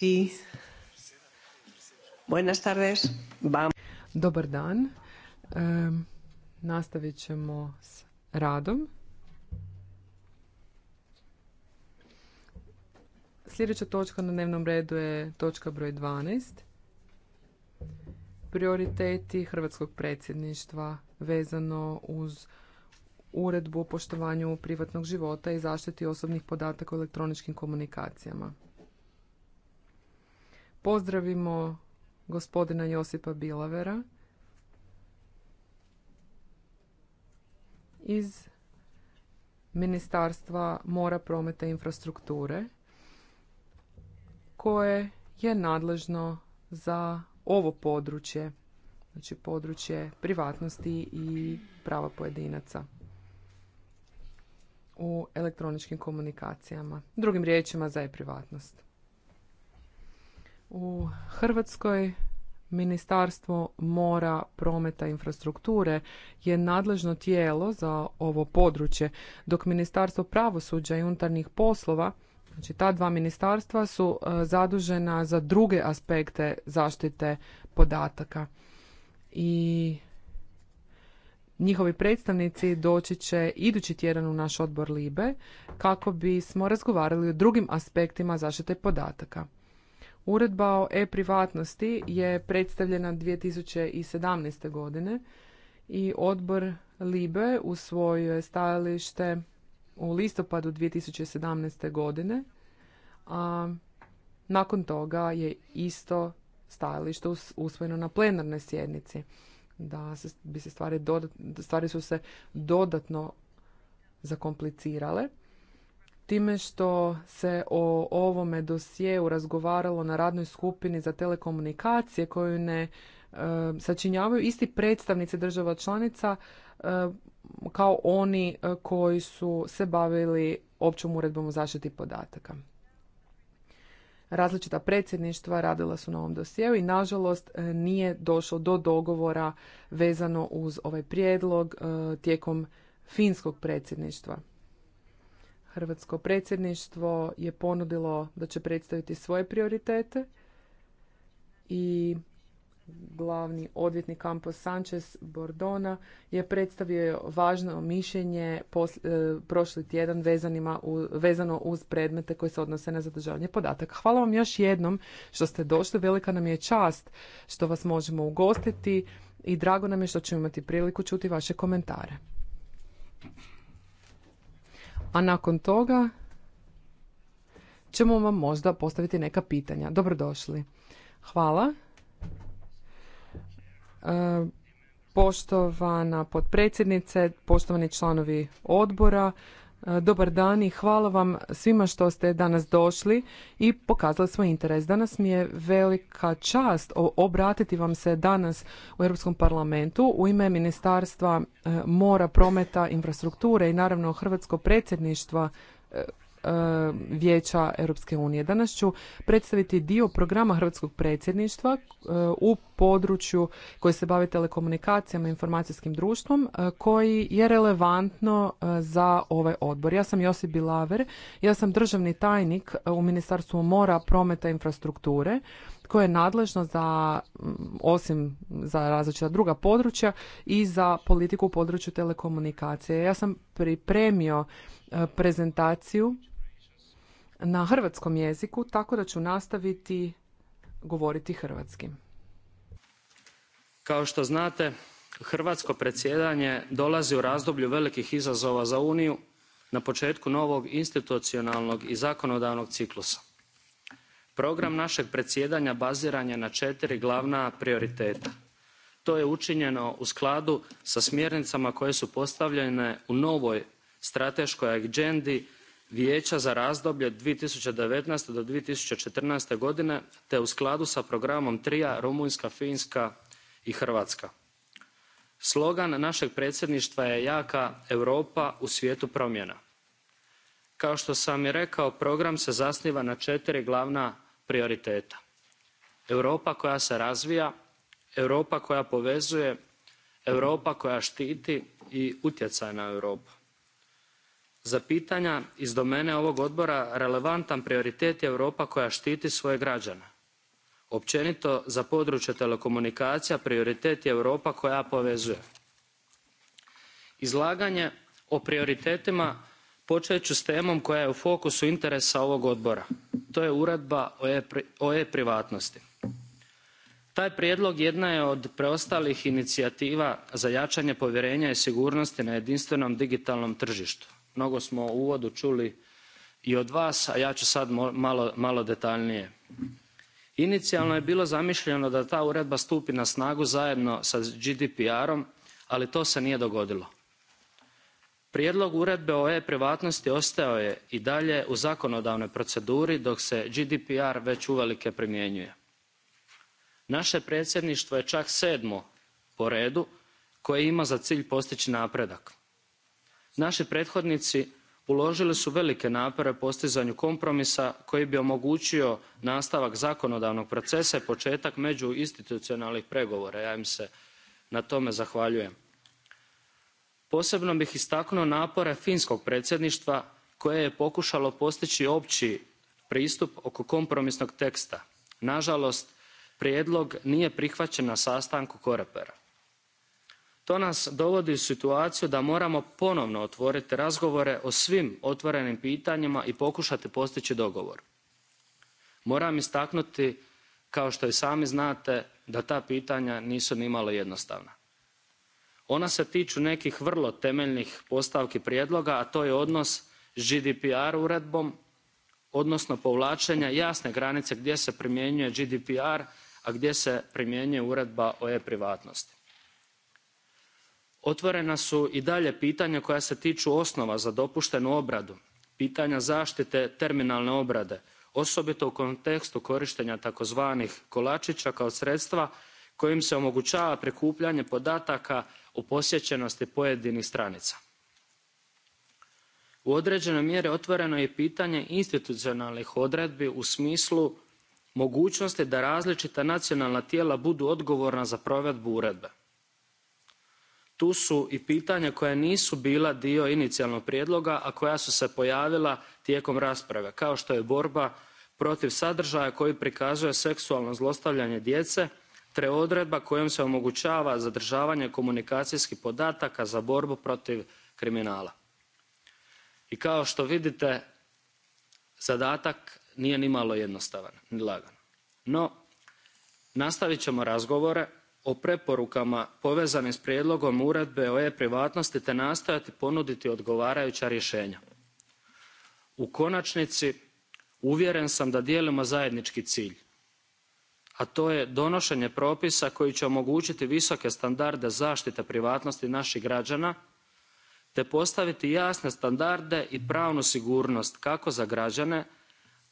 Sí. Buenas tardes. Dobar dan. E, nastavit ćemo s radom. Sljedeća točka na dnevnom redu je točka broj 12. Prioriteti Hrvatskog predsjedništva vezano uz uredbu o poštovanju privatnog života i zaštiti osobnih podataka u elektroničkim komunikacijama pozdravimo gospodina Josipa Bilavera iz Ministarstva mora, prometa i infrastrukture koje je nadležno za ovo područje, znači područje privatnosti i prava pojedinaca u elektroničkim komunikacijama. Drugim riječima za e-privatnost. U Hrvatskoj Ministarstvo mora, prometa i infrastrukture je nadležno tijelo za ovo područje, dok Ministarstvo pravosuđa i unutarnjih poslova, znači ta dva ministarstva su e, zadužena za druge aspekte zaštite podataka. I njihovi predstavnici doći će idući tjedan u naš odbor Libe kako bismo razgovarali o drugim aspektima zaštite podataka. Uredba o e-privatnosti je predstavljena 2017. godine i odbor Libe u svoje stajalište u listopadu 2017. godine, a nakon toga je isto stajalište usvojeno na plenarnoj sjednici. Da se, bi se stvari, dodat, stvari su se dodatno zakomplicirale time što se o ovome dosjeu razgovaralo na radnoj skupini za telekomunikacije koju ne e, sačinjavaju isti predstavnici država članica e, kao oni e, koji su se bavili općom uredbom o zaštiti podataka. Različita predsjedništva radila su na ovom dosjeu i nažalost nije došlo do dogovora vezano uz ovaj prijedlog tijekom finskog predsjedništva. Hrvatsko predsjedništvo je ponudilo da će predstaviti svoje prioritete i glavni odvjetnik Campos Sanchez Bordona je predstavio važno mišljenje e, prošli tjedan vezano uz predmete koji se odnose na zadržavanje podataka. Hvala vam još jednom što ste došli. Velika nam je čast što vas možemo ugostiti i drago nam je što ćemo imati priliku čuti vaše komentare a nakon toga ćemo vam možda postaviti neka pitanja. Dobrodošli. Hvala. E, poštovana potpredsjednice, poštovani članovi odbora, E, dobar dan i hvala vam svima što ste danas došli i pokazali svoj interes. Danas mi je velika čast obratiti vam se danas u Europskom parlamentu u ime Ministarstva e, mora, prometa, infrastrukture i naravno Hrvatsko predsjedništva e, E, Vijeća Europske unije. Danas ću predstaviti dio programa Hrvatskog predsjedništva e, u području koje se bavi telekomunikacijama i informacijskim društvom e, koji je relevantno za ovaj odbor. Ja sam Josip Bilaver, ja sam državni tajnik u Ministarstvu mora, prometa i infrastrukture koje je nadležno za, osim za različita druga područja, i za politiku u području telekomunikacije. Ja sam pripremio prezentaciju na hrvatskom jeziku, tako da ću nastaviti govoriti hrvatski. Kao što znate, hrvatsko predsjedanje dolazi u razdoblju velikih izazova za Uniju na početku novog institucionalnog i zakonodavnog ciklusa. Program našeg predsjedanja baziran je na četiri glavna prioriteta. To je učinjeno u skladu sa smjernicama koje su postavljene u novoj strateškoj agendi vijeća za razdoblje od. two thousand and nineteen do. two thousand and godine te u skladu s programom trija rumunjska finska i hrvatska. slogan našeg predsjedništva je jaka europa u svijetu promjena. kao što sam i rekao program se zasniva na četiri glavna prioriteta europa koja se razvija europa koja povezuje europa koja štiti i utjecajna europa za pitanja iz domene ovog odbora relevantan prioritet je europa koja štiti svoje građane. općenito za područje telekomunikacija prioritet je europa koja povezuje. izlaganje o prioritetima počet ću s temom koja je u fokusu interesa ovog odbora to je uredba o e privatnosti. taj prijedlog jedna je od preostalih inicijativa za jačanje povjerenja i sigurnosti na jedinstvenom digitalnom tržištu mnogo smo u uvodu čuli i od vas a ja ću sad malo, detaljnije. inicijalno je bilo zamišljeno da ta uredba stupi na snagu zajedno sa gdpr om ali to se nije dogodilo. prijedlog uredbe o e privatnosti ostao je i dalje u zakonodavnoj proceduri dok se gdpr već uvelike primjenjuje. naše predsjedništvo je čak sedmo po redu koje ima za cilj postići napredak naši prethodnici uložili su velike napore postizanju kompromisa koji bi omogućio nastavak zakonodavnog procesa i početak međuinstitucionalnih pregovora ja im se na tome zahvaljujem. posebno bih istaknuo napore finskog predsjedništva koje je pokušalo postići opći pristup oko kompromisnog teksta. nažalost prijedlog nije prihvaćen na sastanku coreper to nas dovodi u situaciju da moramo ponovno otvoriti razgovore o svim otvorenim pitanjima i pokušati postići dogovor. moram istaknuti kao što i sami znate da ta pitanja nisu nimalo jednostavna. ona se tiču nekih vrlo temeljnih postavki prijedloga a to je odnos s gdpr uredbom odnosno povlačenja jasne granice gdje se primjenjuje gdpr a gdje se primjenjuje uredba o e privatnosti otvorena su i dalje pitanja koja se tiču osnova za dopuštenu obradu pitanja zaštite terminalne obrade osobito u kontekstu korištenja takozvanih kolačića kao sredstva kojim se omogućava prikupljanje podataka o posjećenosti pojedinih stranica. U određenoj mjeri otvoreno je pitanje institucionalnih odredbi u smislu mogućnosti da različita nacionalna tijela budu odgovorna za provedbu uredbe tu su i pitanja koja nisu bila dio inicijalnog prijedloga a koja su se pojavila tijekom rasprave kao što je borba protiv sadržaja koji prikazuje seksualno zlostavljanje djece te odredba kojom se omogućava zadržavanje komunikacijskih podataka za borbu protiv kriminala. i kao što vidite zadatak nije nimalo jednostavan ni lagan no nastavit emo razgovore o preporukama povezanim s prijedlogom uredbe o e privatnosti te nastojati ponuditi odgovarajuća rješenja. u konačnici uvjeren sam da dijelimo zajednički cilj a to je donošenje propisa koji će omogućiti visoke standarde zaštite privatnosti naših građana te postaviti jasne standarde i pravnu sigurnost kako za građane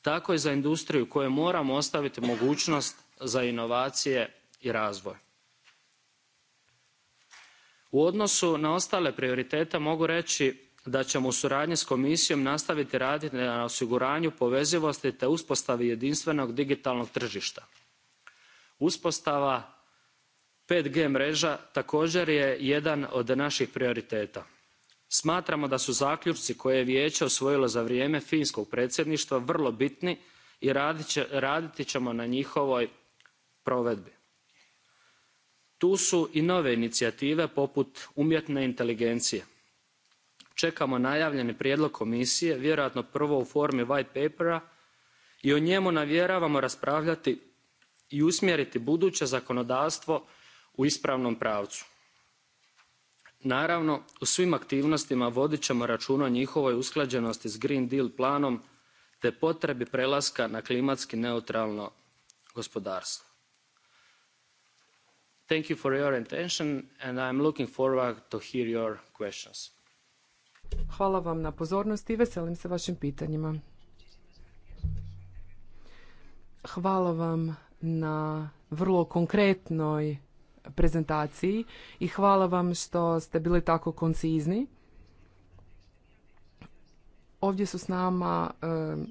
tako i za industriju kojoj moramo ostaviti mogućnost za inovacije i razvoj u odnosu na ostale prioritete mogu reći da ćemo u suradnji s komisijom nastaviti raditi na osiguranju povezivosti te uspostavi jedinstvenog digitalnog tržišta. uspostava five g mrea takoer je jedan od naših prioriteta. smatramo da su zaključci koje je vijee usvojilo za vrijeme finskog predsjedništva vrlo bitni i raditi emo na njihovoj provedbi tu su i nove inicijative poput umjetne inteligencije. Čekamo najavljeni prijedlog komisije vjerojatno prvo u formi white papera i o njemu namjeravamo raspravljati i usmjeriti buduće zakonodavstvo u ispravnom pravcu. naravno u svim aktivnostima vodit emo rauna o njihovoj usklađenosti s green deal planom te potrebi prelaska na klimatski neutralno gospodarstvo thank you for your attention and looking forward to hear your questions hvala vam na pozornosti i veselim se vašim pitanjima hvala vam na vrlo konkretnoj prezentaciji i hvala vam što ste bili tako koncizni ovdje su s nama eh,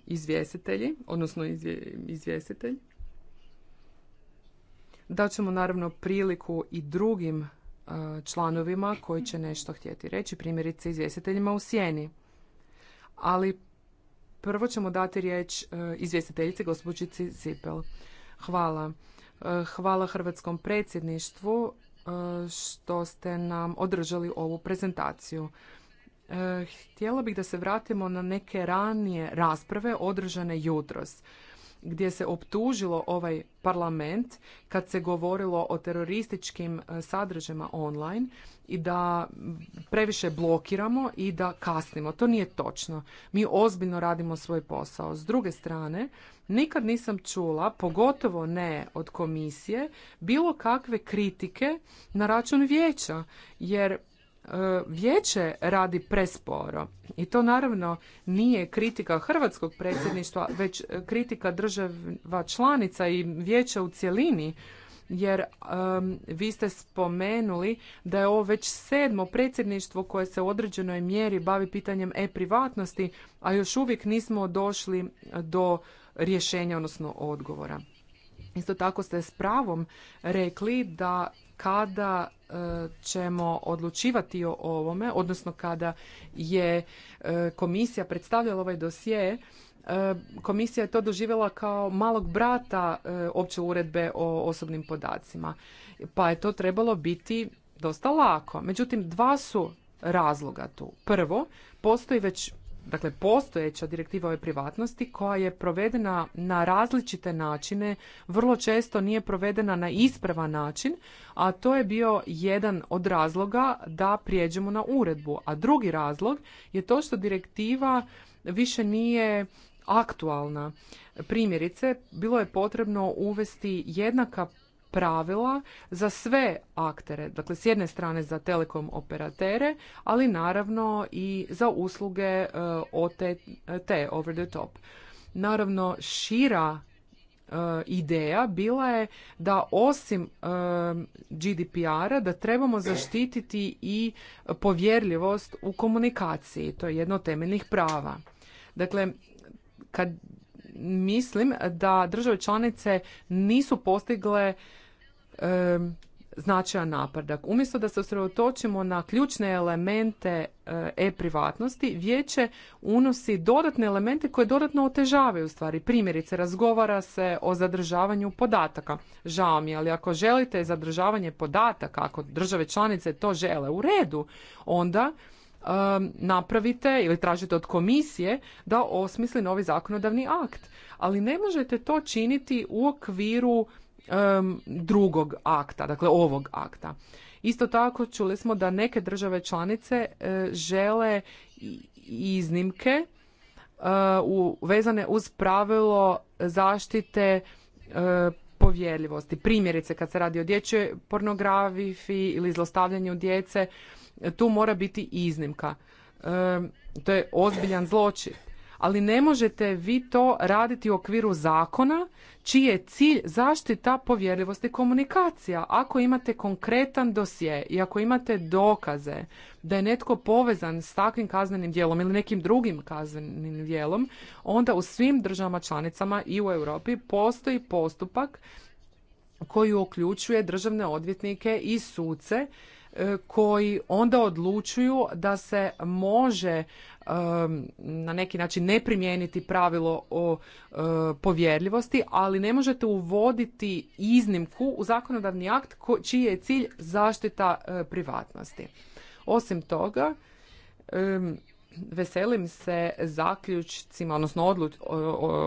izvjestitelji odnosno izvjestitelj Daćemo naravno priliku i drugim e, članovima koji će nešto htjeti reći, primjerice izvjestiteljima u sjeni. Ali prvo ćemo dati riječ e, izvjestiteljici gospođici Zipel. Hvala. E, hvala Hrvatskom predsjedništvu što ste nam održali ovu prezentaciju. Htjela bih da se vratimo na neke ranije rasprave održane jutros gdje se optužilo ovaj parlament kad se govorilo o terorističkim e, sadržajima online i da previše blokiramo i da kasnimo. To nije točno. Mi ozbiljno radimo svoj posao. S druge strane, nikad nisam čula, pogotovo ne od komisije, bilo kakve kritike na račun vijeća, jer E, vijeće radi presporo i to naravno nije kritika hrvatskog predsjedništva već e, kritika država članica i vijeća u cjelini jer vi ste spomenuli da je ovo već sedmo predsjedništvo koje se u određenoj mjeri bavi pitanjem e-privatnosti, a još uvijek nismo došli do rješenja, odnosno odgovora. Isto tako ste s pravom rekli da kada ćemo odlučivati o ovome, odnosno kada je e, komisija predstavljala ovaj dosje, e, komisija je to doživjela kao malog brata e, opće uredbe o osobnim podacima. Pa je to trebalo biti dosta lako. Međutim, dva su razloga tu. Prvo, postoji već dakle postojeća direktiva o privatnosti koja je provedena na različite načine, vrlo često nije provedena na ispravan način, a to je bio jedan od razloga da prijeđemo na uredbu. A drugi razlog je to što direktiva više nije aktualna. Primjerice, bilo je potrebno uvesti jednaka pravila za sve aktere, dakle s jedne strane za telekom operatere, ali naravno i za usluge e, OTT, over the top. Naravno, šira e, ideja bila je da osim e, GDPR-a da trebamo zaštititi i povjerljivost u komunikaciji. To je jedno od temeljnih prava. Dakle, kad mislim da države članice nisu postigle značajan napredak. Umjesto da se usredotočimo na ključne elemente eh, e-privatnosti, vijeće unosi dodatne elemente koje dodatno otežavaju stvari. Primjerice, razgovara se o zadržavanju podataka. Žao mi, ali ako želite zadržavanje podataka, ako države članice to žele u redu, onda napravite ili tražite od komisije da osmisli novi zakonodavni akt. Ali ne možete to činiti u okviru um, drugog akta, dakle ovog akta. Isto tako čuli smo da neke države članice e, žele iznimke e, u, vezane uz pravilo zaštite e, povjerljivosti. Primjerice kad se radi o dječjoj pornografiji ili zlostavljanju djece, tu mora biti iznimka. To je ozbiljan zločin ali ne možete vi to raditi u okviru zakona čiji je cilj zaštita povjerljivosti komunikacija. Ako imate konkretan dosje i ako imate dokaze da je netko povezan s takvim kaznenim djelom ili nekim drugim kaznenim djelom, onda u svim državama članicama i u Europi postoji postupak koji uključuje državne odvjetnike i suce e, koji onda odlučuju da se može na neki način ne primijeniti pravilo o e, povjerljivosti, ali ne možete uvoditi iznimku u zakonodavni akt čiji je cilj zaštita e, privatnosti. Osim toga, veselim se zaključcima, odnosno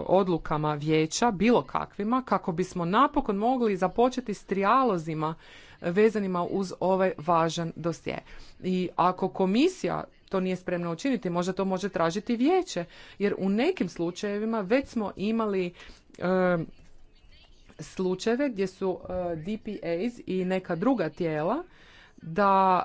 odlukama vijeća, bilo kakvima, kako bismo napokon mogli započeti s trijalozima vezanima uz ovaj važan dosje. I ako komisija to nije spremno učiniti. Možda to može tražiti vijeće. Jer u nekim slučajevima već smo imali slučajeve gdje su e, eh, DPAs i neka druga tijela da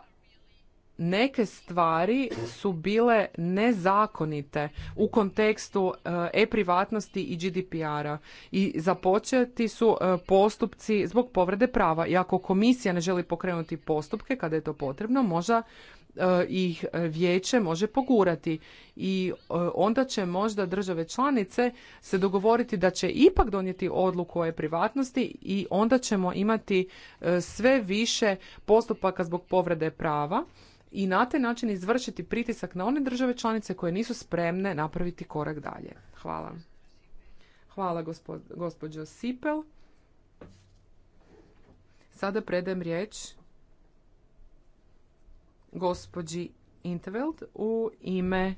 neke stvari su bile nezakonite u kontekstu eh, e-privatnosti i GDPR-a i započeti su eh, postupci zbog povrede prava. I ako komisija ne želi pokrenuti postupke kada je to potrebno, možda E, ih vijeće može pogurati i e, onda će možda države članice se dogovoriti da će ipak donijeti odluku o privatnosti i onda ćemo imati e, sve više postupaka zbog povrede prava i na taj način izvršiti pritisak na one države članice koje nisu spremne napraviti korak dalje. Hvala. Hvala gospođo Sipel. Sada predajem riječ gospođi Interveld u ime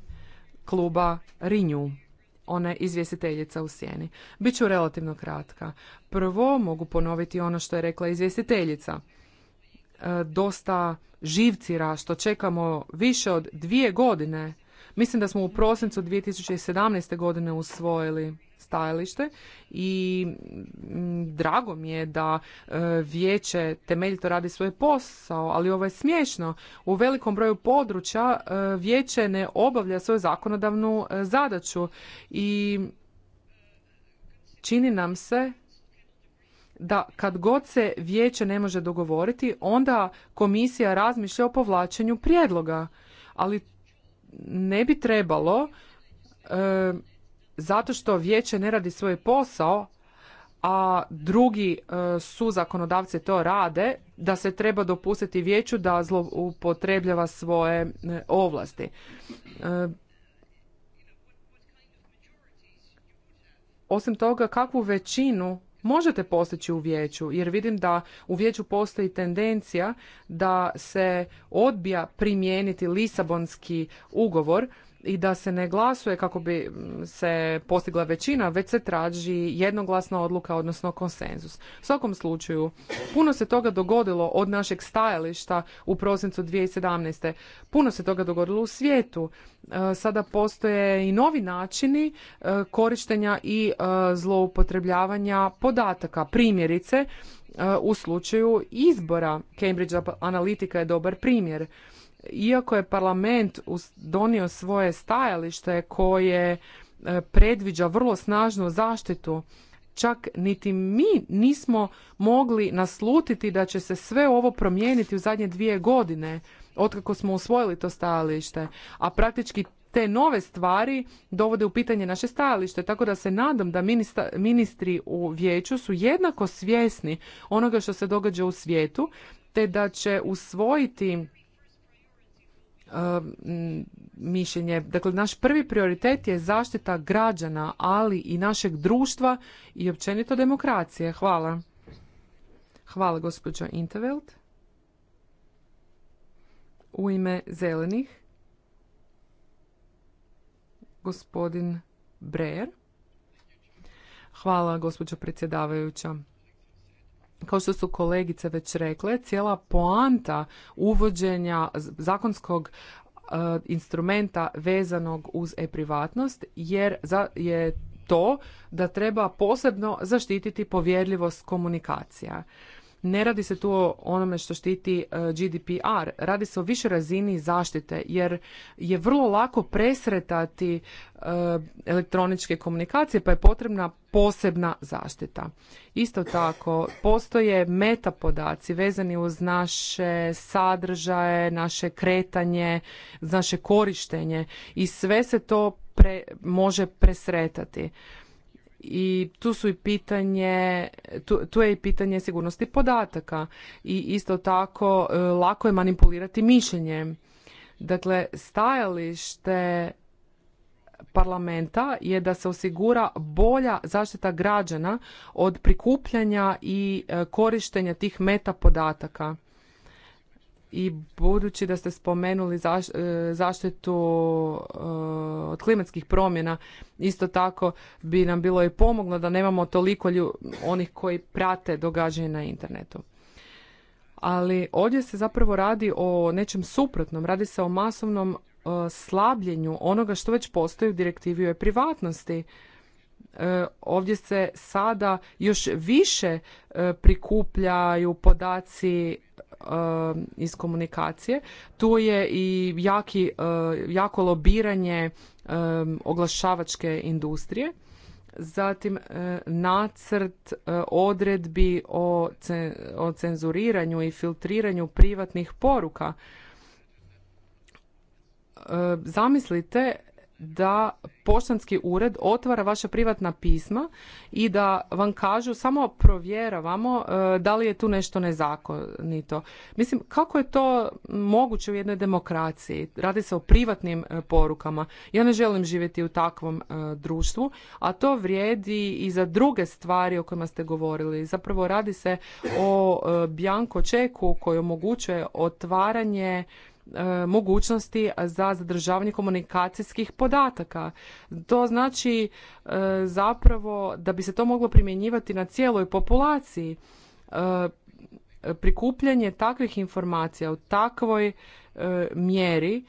kluba Rinju. Ona je izvjestiteljica u sjeni. Biću relativno kratka. Prvo mogu ponoviti ono što je rekla izvjestiteljica. E, dosta živcira što čekamo više od dvije godine Mislim da smo u prosincu 2017. godine usvojili stajalište i mm, drago mi je da e, vijeće temeljito radi svoj posao, ali ovo je smiješno. U velikom broju područja e, vijeće ne obavlja svoju zakonodavnu e, zadaću i čini nam se da kad god se vijeće ne može dogovoriti, onda komisija razmišlja o povlačenju prijedloga. Ali ne bi trebalo e, zato što vijeće ne radi svoj posao, a drugi e, su zakonodavci to rade, da se treba dopustiti vijeću da zloupotrebljava svoje e, ovlasti. E, osim toga, kakvu većinu možete postići u vijeću jer vidim da u vijeću postoji tendencija da se odbija primijeniti Lisabonski ugovor i da se ne glasuje kako bi se postigla većina, već se traži jednoglasna odluka, odnosno konsenzus. U svakom slučaju, puno se toga dogodilo od našeg stajališta u prosincu 2017. Puno se toga dogodilo u svijetu. E, sada postoje i novi načini e, korištenja i e, zloupotrebljavanja podataka. Primjerice, u slučaju izbora Cambridge Analytica je dobar primjer iako je parlament donio svoje stajalište koje e, predviđa vrlo snažnu zaštitu čak niti mi nismo mogli naslutiti da će se sve ovo promijeniti u zadnje dvije godine otkako smo usvojili to stajalište a praktički te nove stvari dovode u pitanje naše stajalište tako da se nadam da ministri u vijeću su jednako svjesni onoga što se događa u svijetu te da će usvojiti Um, mišljenje. Dakle, naš prvi prioritet je zaštita građana, ali i našeg društva i općenito demokracije. Hvala. Hvala, gospođo Intervelt. U ime zelenih, gospodin Breer. Hvala, gospođo predsjedavajuća kao što su kolegice već rekle, cijela poanta uvođenja zakonskog e, instrumenta vezanog uz e-privatnost jer je to da treba posebno zaštititi povjerljivost komunikacija. Ne radi se tu o onome što štiti e, GDPR, radi se o više razini zaštite jer je vrlo lako presretati e, elektroničke komunikacije pa je potrebna posebna zaštita. Isto tako, postoje metapodaci vezani uz naše sadržaje, naše kretanje, naše korištenje i sve se to može presretati i tu su i pitanje, tu, tu je i pitanje sigurnosti podataka i isto tako e, lako je manipulirati mišljenjem. Dakle, stajalište parlamenta je da se osigura bolja zaštita građana od prikupljanja i e, korištenja tih meta podataka i budući da ste spomenuli e, zaštitu e, od klimatskih promjena, isto tako bi nam bilo i pomoglo da nemamo toliko onih koji prate događanje na internetu. Ali ovdje se zapravo radi o nečem suprotnom, radi se o masovnom e, slabljenju onoga što već postoji u direktivi o privatnosti. Ovdje se sada još više prikupljaju podaci Um, iz komunikacije. Tu je i jaki, uh, jako lobiranje um, oglašavačke industrije. Zatim uh, nacrt uh, odredbi o, o cenzuriranju i filtriranju privatnih poruka. Zamislite da poštanski ured otvara vaša privatna pisma i da vam kažu samo provjeravamo e, da li je tu nešto nezakonito. Mislim, kako je to moguće u jednoj demokraciji? Radi se o privatnim e, porukama. Ja ne želim živjeti u takvom e, društvu, a to vrijedi i za druge stvari o kojima ste govorili. Zapravo radi se o bjanko čeku koji omogućuje otvaranje E, mogućnosti za zadržavanje komunikacijskih podataka. To znači e, zapravo da bi se to moglo primjenjivati na cijeloj populaciji e, prikupljanje takvih informacija u takvoj mjeri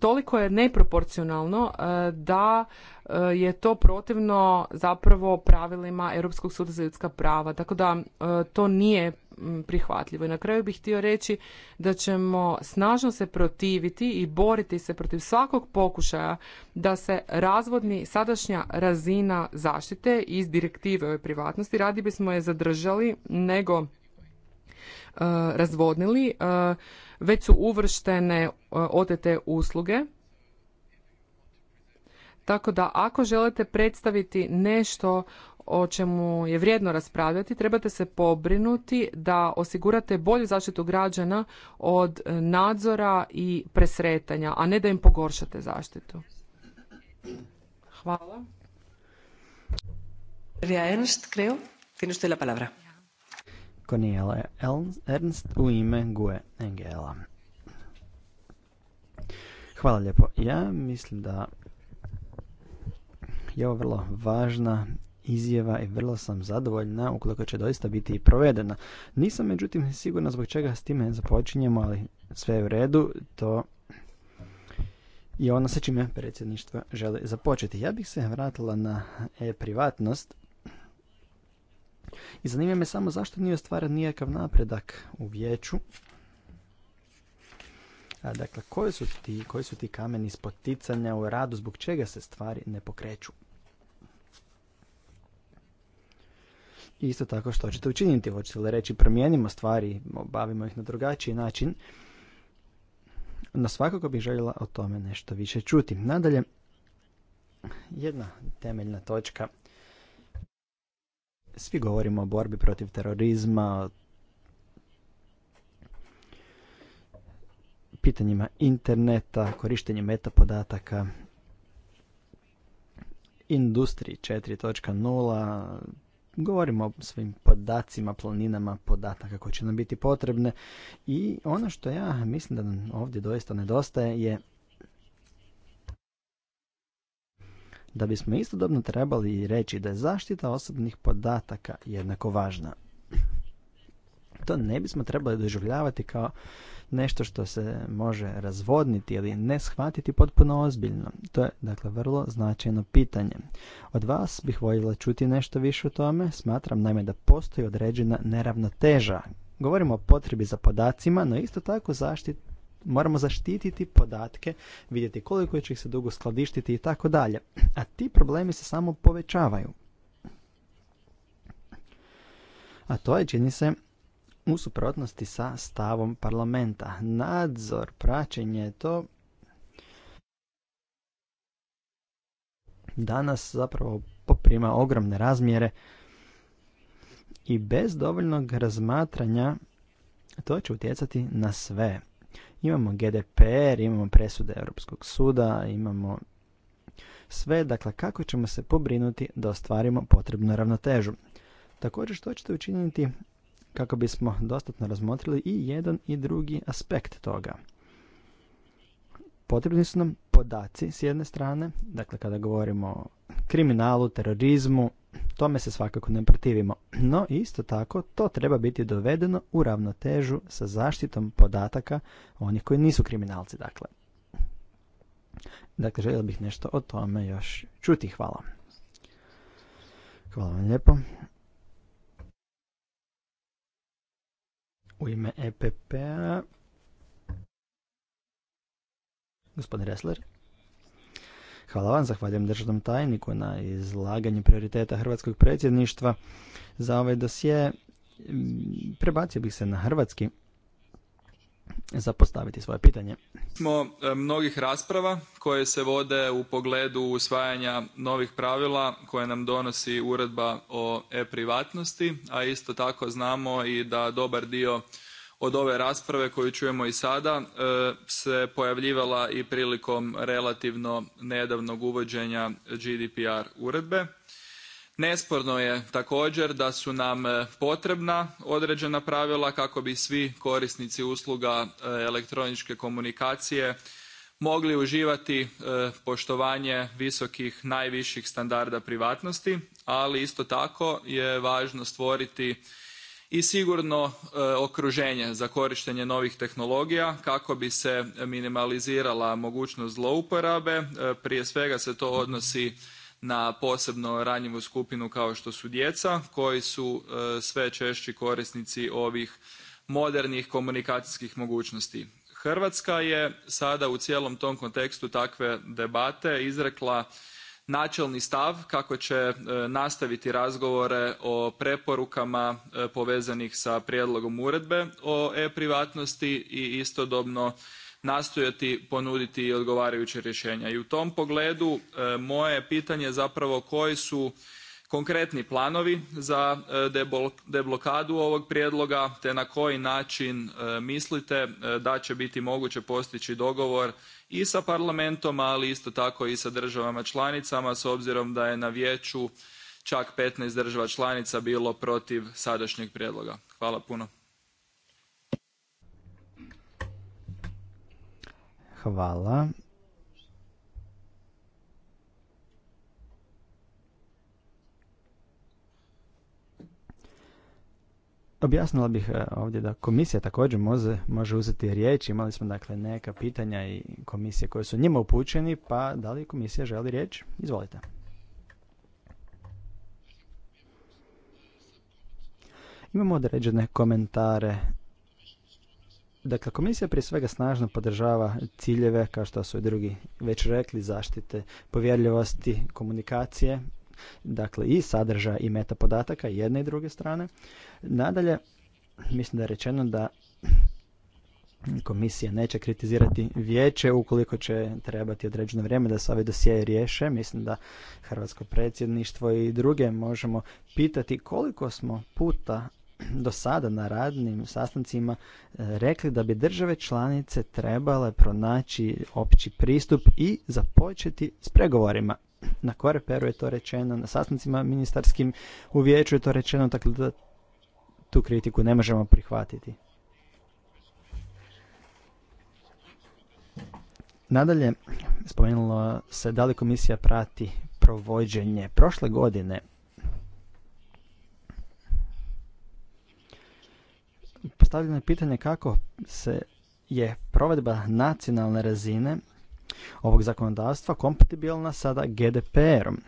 toliko je neproporcionalno da E, je to protivno zapravo pravilima Europskog suda za ljudska prava. Tako da e, to nije prihvatljivo. I na kraju bih htio reći da ćemo snažno se protiviti i boriti se protiv svakog pokušaja da se razvodni sadašnja razina zaštite iz direktive o privatnosti. Radi bismo je zadržali nego e, razvodnili. Već su uvrštene otete usluge tako da ako želite predstaviti nešto o čemu je vrijedno raspravljati, trebate se pobrinuti da osigurate bolju zaštitu građana od nadzora i presretanja, a ne da im pogoršate zaštitu. Hvala. Ernst, la Ernst u ime Hvala lijepo. Ja mislim da je ovo vrlo važna izjava i vrlo sam zadovoljna ukoliko će doista biti i provedena. Nisam međutim sigurna zbog čega s time započinjemo, ali sve je u redu, to je ono sa čime predsjedništvo želi započeti. Ja bih se vratila na e-privatnost i zanima me samo zašto nije ostvaren nijekav napredak u vijeću. Dakle, koji su, ti, koji su ti kameni spoticanja u radu, zbog čega se stvari ne pokreću? isto tako što ćete učiniti, hoćete li reći promijenimo stvari, bavimo ih na drugačiji način. No svakako bih željela o tome nešto više čuti. Nadalje, jedna temeljna točka. Svi govorimo o borbi protiv terorizma, o pitanjima interneta, korištenje metapodataka, industriji 4.0, Govorimo o svim podacima, planinama podataka koje će nam biti potrebne i ono što ja mislim da nam ovdje doista nedostaje je da bismo istodobno trebali reći da je zaštita osobnih podataka jednako važna to ne bismo trebali doživljavati kao nešto što se može razvodniti ili ne shvatiti potpuno ozbiljno. To je, dakle, vrlo značajno pitanje. Od vas bih voljela čuti nešto više o tome. Smatram naime da postoji određena neravnoteža. Govorimo o potrebi za podacima, no isto tako moramo zaštititi podatke, vidjeti koliko će ih se dugo skladištiti i tako dalje. A ti problemi se samo povećavaju. A to je, čini se, u suprotnosti sa stavom parlamenta. Nadzor, praćenje, to danas zapravo poprima ogromne razmjere i bez dovoljnog razmatranja to će utjecati na sve. Imamo GDPR, imamo presude Europskog suda, imamo sve, dakle kako ćemo se pobrinuti da ostvarimo potrebnu ravnotežu. Također što ćete učiniti kako bismo dostatno razmotrili i jedan i drugi aspekt toga. Potrebni su nam podaci s jedne strane, dakle kada govorimo o kriminalu, terorizmu, tome se svakako ne protivimo. No isto tako to treba biti dovedeno u ravnotežu sa zaštitom podataka onih koji nisu kriminalci. Dakle, dakle želio bih nešto o tome još čuti. Hvala. Hvala vam lijepo. U ime EPP-a... Gospodin Ressler. Hvala vam, zahvaljujem državnom tajniku na izlaganju prioriteta Hrvatskog predsjedništva za ovaj dosje. Prebacio bih se na hrvatski za postaviti svoje pitanje. Smo e, mnogih rasprava koje se vode u pogledu usvajanja novih pravila koje nam donosi uredba o e-privatnosti, a isto tako znamo i da dobar dio od ove rasprave koju čujemo i sada e, se pojavljivala i prilikom relativno nedavnog uvođenja GDPR uredbe nesporno je također da su nam e, potrebna određena pravila kako bi svi korisnici usluga e, elektroničke komunikacije mogli uživati e, poštovanje visokih najviših standarda privatnosti ali isto tako je važno stvoriti i sigurno okruženje za korištenje novih tehnologija kako bi se minimalizirala mogućnost zlouporabe prije svega se to odnosi na posebno ranjivu skupinu kao što su djeca koji su e, sve češći korisnici ovih modernih komunikacijskih mogućnosti. Hrvatska je sada u cijelom tom kontekstu takve debate izrekla načelni stav kako će e, nastaviti razgovore o preporukama e, povezanih sa prijedlogom uredbe o e privatnosti i istodobno nastojati ponuditi i odgovarajuća rješenja. I u tom pogledu e, moje pitanje zapravo koji su konkretni planovi za e, deblokadu ovog prijedloga te na koji način e, mislite da će biti moguće postići dogovor i sa parlamentom ali isto tako i sa državama članicama s obzirom da je na vijeću čak 15 država članica bilo protiv sadašnjeg prijedloga. Hvala puno. Hvala. Objasnila bih e, ovdje da komisija također može, može uzeti riječ. Imali smo dakle neka pitanja i komisije koje su njima upućeni, pa da li komisija želi riječ? Izvolite. Imamo određene komentare Dakle, komisija prije svega snažno podržava ciljeve, kao što su i drugi već rekli, zaštite povjerljivosti, komunikacije, dakle i sadrža i meta podataka jedne i druge strane. Nadalje, mislim da je rečeno da komisija neće kritizirati vijeće ukoliko će trebati određeno vrijeme da se ove dosije riješe. Mislim da Hrvatsko predsjedništvo i druge možemo pitati koliko smo puta do sada na radnim sastancima e, rekli da bi države članice trebale pronaći opći pristup i započeti s pregovorima. Na Koreperu je to rečeno, na sastancima ministarskim u vijeću je to rečeno, tako da tu kritiku ne možemo prihvatiti. Nadalje, spomenulo se da li komisija prati provođenje. Prošle godine postavljeno je pitanje kako se je provedba nacionalne razine ovog zakonodavstva kompatibilna sada GDPR-om.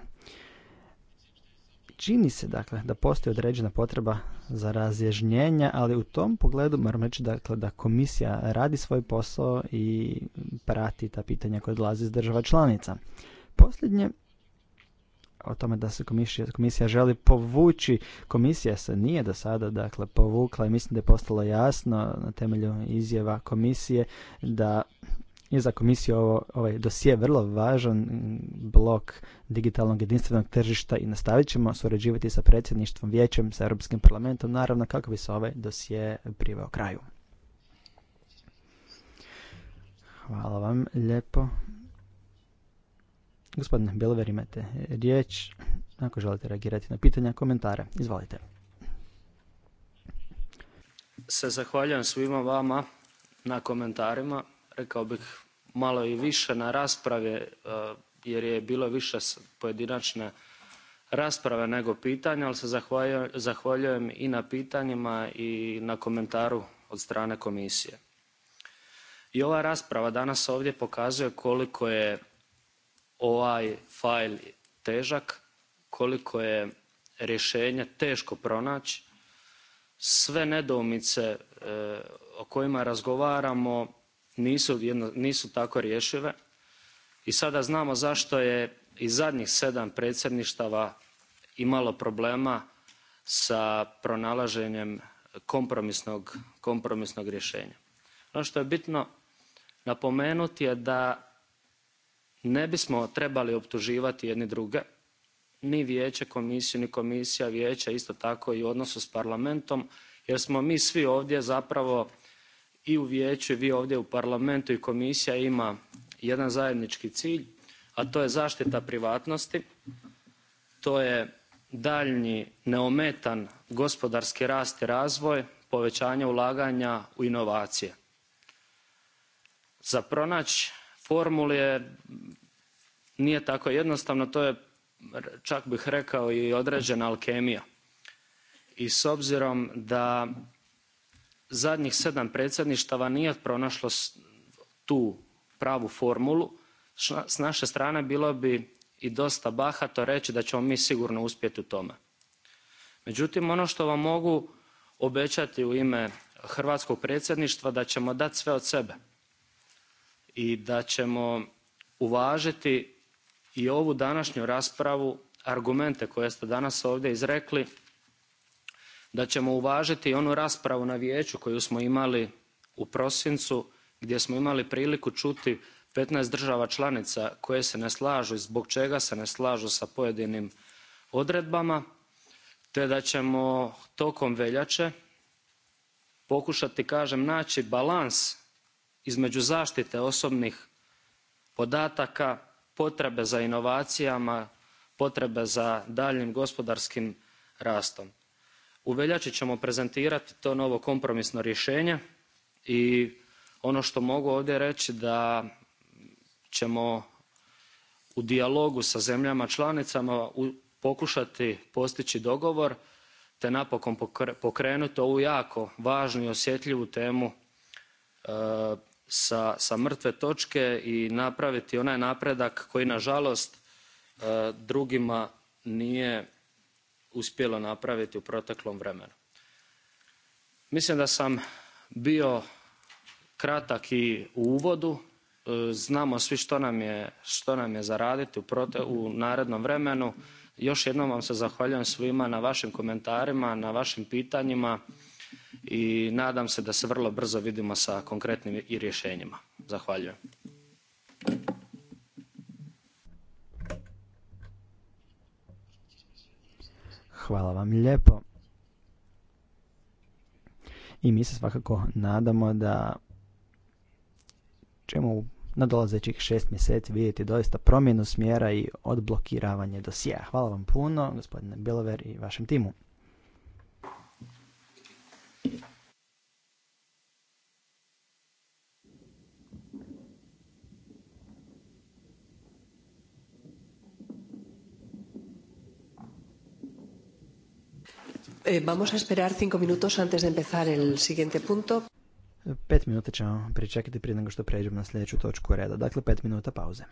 Čini se dakle da postoji određena potreba za razježnjenja, ali u tom pogledu moram reći dakle da komisija radi svoj posao i prati ta pitanja koja dolaze iz država članica. Posljednje o tome da se komisija, komisija želi povući. Komisija se nije do sada dakle, povukla i mislim da je postalo jasno na temelju izjava komisije da je za komisiju ovaj dosije vrlo važan blok digitalnog jedinstvenog tržišta i nastavit ćemo surađivati sa predsjedništvom vijećem, sa Europskim parlamentom, naravno kako bi se ovaj dosije priveo kraju. Hvala vam lijepo. Gospodin imate riječ. Ako želite reagirati na pitanja, komentare, izvolite. Se zahvaljujem svima vama na komentarima. Rekao bih malo i više na rasprave, e, jer je bilo više pojedinačne rasprave nego pitanja, ali se zahvaljujem i na pitanjima i na komentaru od strane komisije. I ova rasprava danas ovdje pokazuje koliko je ovaj fajl težak, koliko je rješenje teško pronaći. Sve nedoumice e, o kojima razgovaramo nisu, tako rješive i sada znamo zašto je i zadnjih sedam predsjedništava imalo problema sa pronalaženjem kompromisnog, kompromisnog rješenja. Ono što je bitno napomenuti je da ne bismo trebali optuživati jedni druge ni vijeće komisiju ni komisija vijeća isto tako i u odnosu s parlamentom jer smo mi svi ovdje zapravo i u vijeću i vi ovdje u parlamentu i komisija ima jedan zajednički cilj a to je zaštita privatnosti to je daljnji neometan gospodarski rast i razvoj povećanje ulaganja u inovacije. za pronaći formuli je nije tako jednostavno to je čak bih rekao i određena alkemija i s obzirom da zadnjih sedam predsjedništava nije pronašlo tu pravu formulu s naše strane bilo bi i dosta bahato reći da ćemo mi sigurno uspjeti u tome. međutim ono što vam mogu obećati u ime hrvatskog predsjedništva da ćemo dati sve od sebe i da ćemo uvažiti i ovu današnju raspravu, argumente koje ste danas ovdje izrekli, da ćemo uvažiti i onu raspravu na vijeću koju smo imali u prosincu gdje smo imali priliku čuti 15 država članica koje se ne slažu i zbog čega se ne slažu sa pojedinim odredbama te da ćemo tokom veljače pokušati kažem naći balans između zaštite osobnih podataka potrebe za inovacijama potrebe za daljnjim gospodarskim rastom. u veljači ćemo prezentirati to novo kompromisno rješenje i ono što mogu ovdje reći da ćemo u dijalogu sa zemljama članicama pokušati postići dogovor te napokon pokrenuti ovu jako važnu i osjetljivu temu e, sa, mrtve točke i napraviti onaj napredak koji nažalost e, drugima nije uspjelo napraviti u proteklom vremenu. Mislim da sam bio kratak i u uvodu. E, znamo svi što nam je, što nam je za u, u narednom vremenu. Još jednom vam se zahvaljujem svima na vašim komentarima, na vašim pitanjima i nadam se da se vrlo brzo vidimo sa konkretnim i rješenjima. Zahvaljujem. Hvala vam lijepo. I mi se svakako nadamo da ćemo u nadolazećih šest mjeseci vidjeti doista promjenu smjera i odblokiravanje dosija. Hvala vam puno, gospodine Bilover i vašem timu. Eh, vamos a esperar cinco minutos antes de empezar el siguiente punto. Pet minuta ćemo pričekati prije nego što pređemo na sljedeću točku reda. Dakle, pet minuta pauze.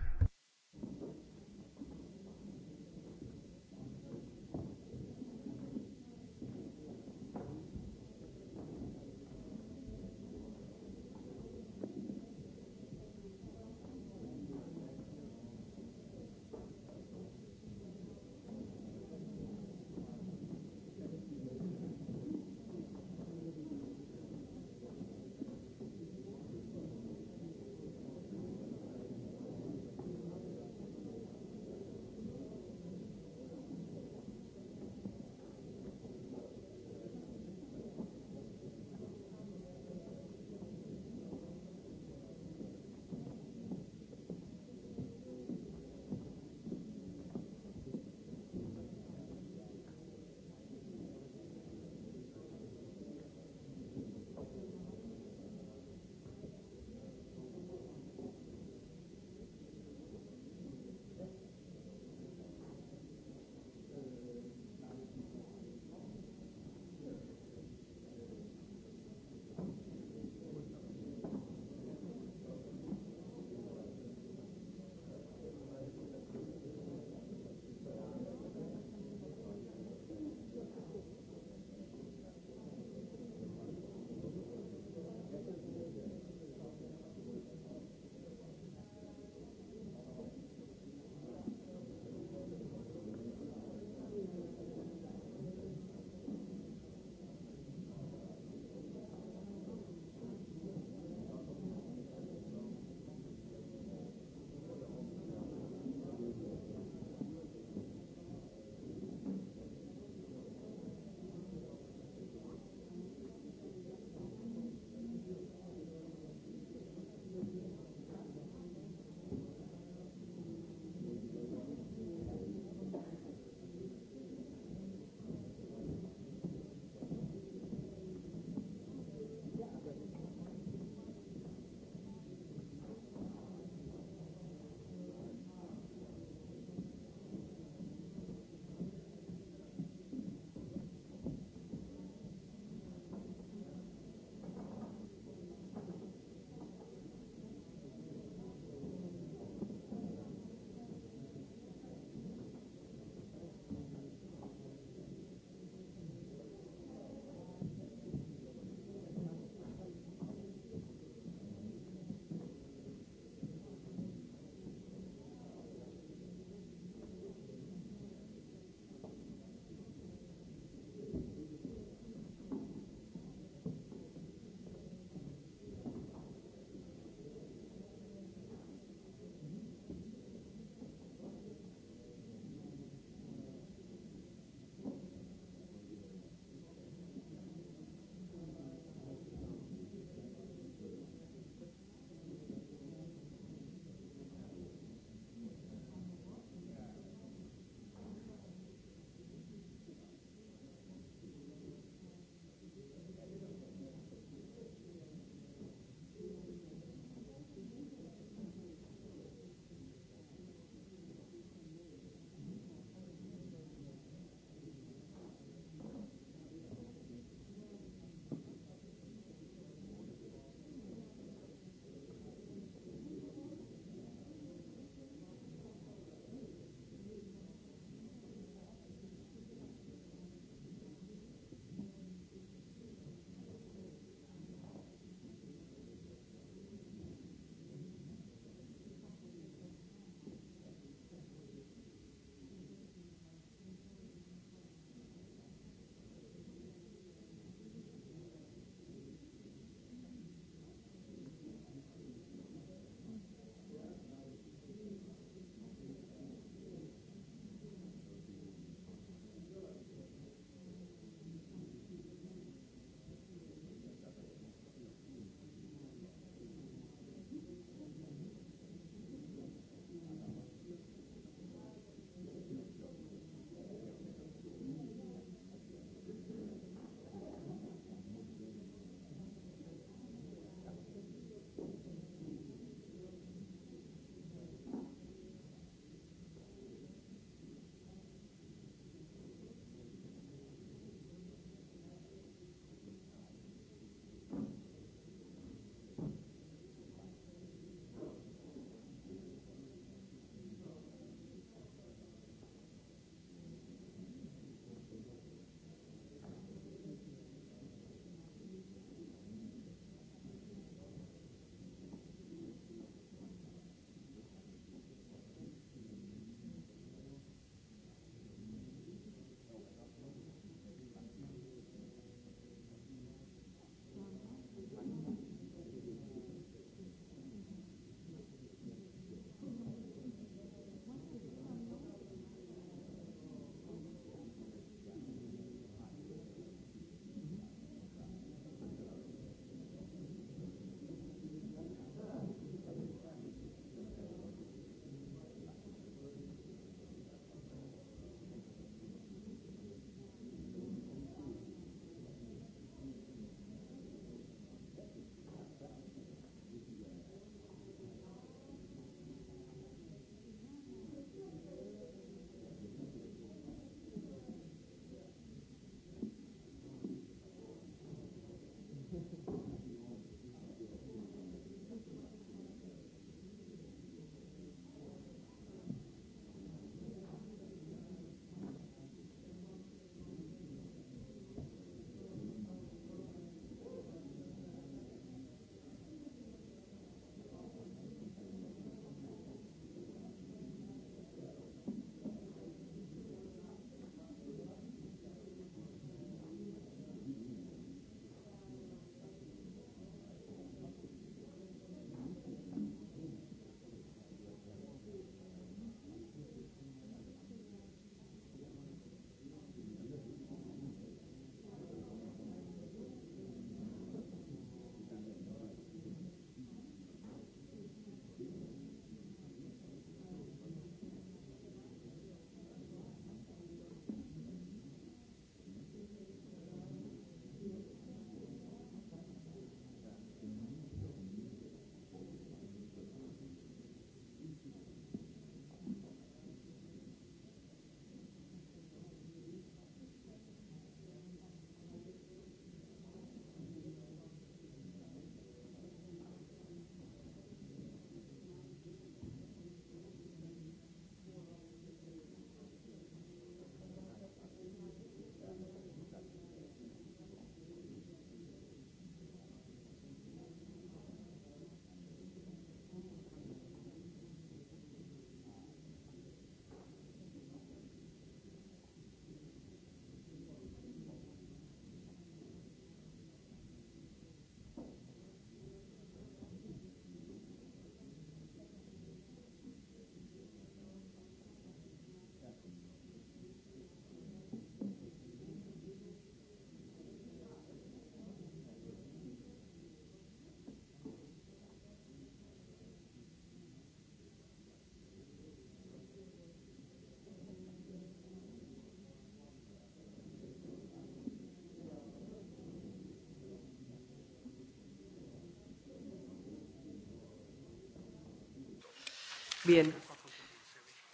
Bien,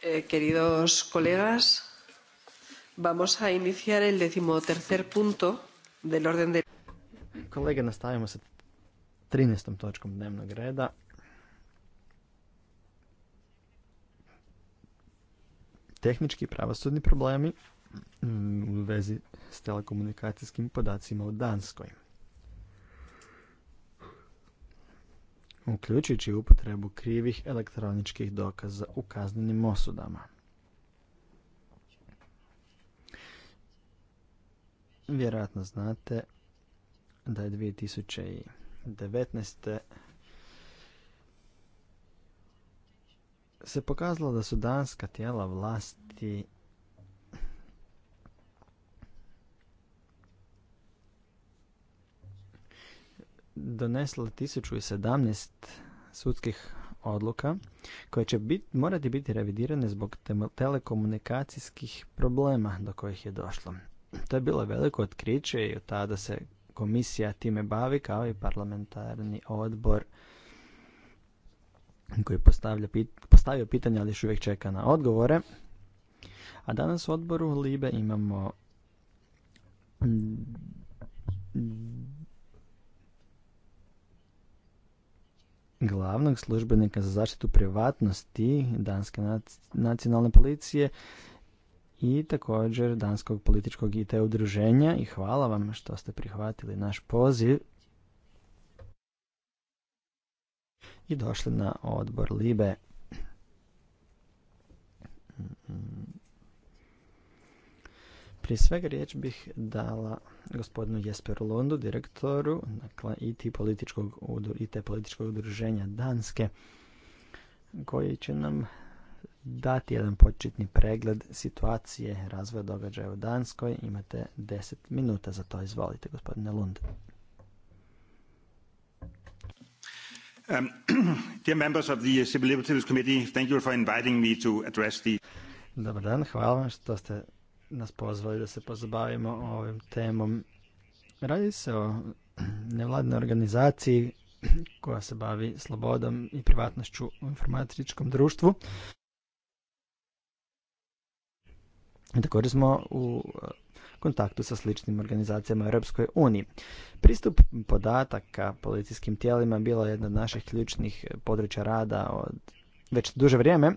eh, queridos colegas, vamos a iniciar el decimotercer punto del orden de... Kolege, nastavimo sa 13. točkom dnevnog reda. Tehnički pravosudni problemi mm, u vezi s telekomunikacijskim podacima u Danskoj. uključujući upotrebu krivih elektroničkih dokaza u kaznenim osudama. Vjerojatno znate da je 2019. se pokazalo da su danska tijela vlasti donesla 1017 sudskih odluka koje će bit, morati biti revidirane zbog telekomunikacijskih problema do kojih je došlo. To je bilo veliko otkriće i od tada se komisija time bavi kao i parlamentarni odbor koji postavlja, postavio pitanja ali još uvijek čeka na odgovore. A danas u odboru Libe imamo glavnog službenika za zaštitu privatnosti Danske nacionalne policije i također Danskog političkog IT udruženja i hvala vam što ste prihvatili naš poziv i došli na odbor Libe. Prije svega riječ bih dala gospodinu Jesperu Lundu, direktoru dakle, IT političkog, IT političkog udruženja Danske, koji će nam dati jedan početni pregled situacije razvoja događaja u Danskoj. Imate 10 minuta za to. Izvolite, gospodine Lund. Um, dear members of the Civil Liberties Committee, thank you for inviting me to address the... Dobar dan, hvala vam što ste nas pozvali da se pozabavimo ovim temom. Radi se o nevladnoj organizaciji koja se bavi slobodom i privatnošću u informatičkom društvu. I također smo u e, kontaktu sa sličnim organizacijama u Europskoj uniji. Pristup podataka policijskim tijelima je jedna od naših ključnih područja rada od već duže vrijeme,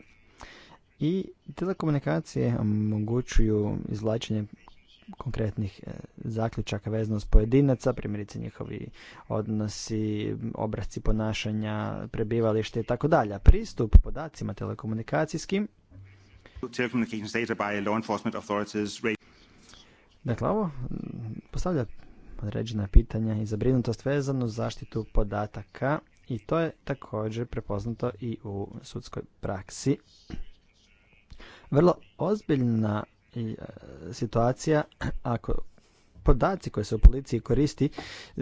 i telekomunikacije omogućuju izvlačenje konkretnih e, zaključaka vezano pojedinaca, primjerice njihovi odnosi, obrazci ponašanja, prebivalište i tako dalje. Pristup podacima telekomunikacijskim Dakle, ovo postavlja određena pitanja i zabrinutost vezanu zaštitu podataka i to je također prepoznato i u sudskoj praksi vrlo ozbiljna e, situacija ako podaci koje se u policiji koristi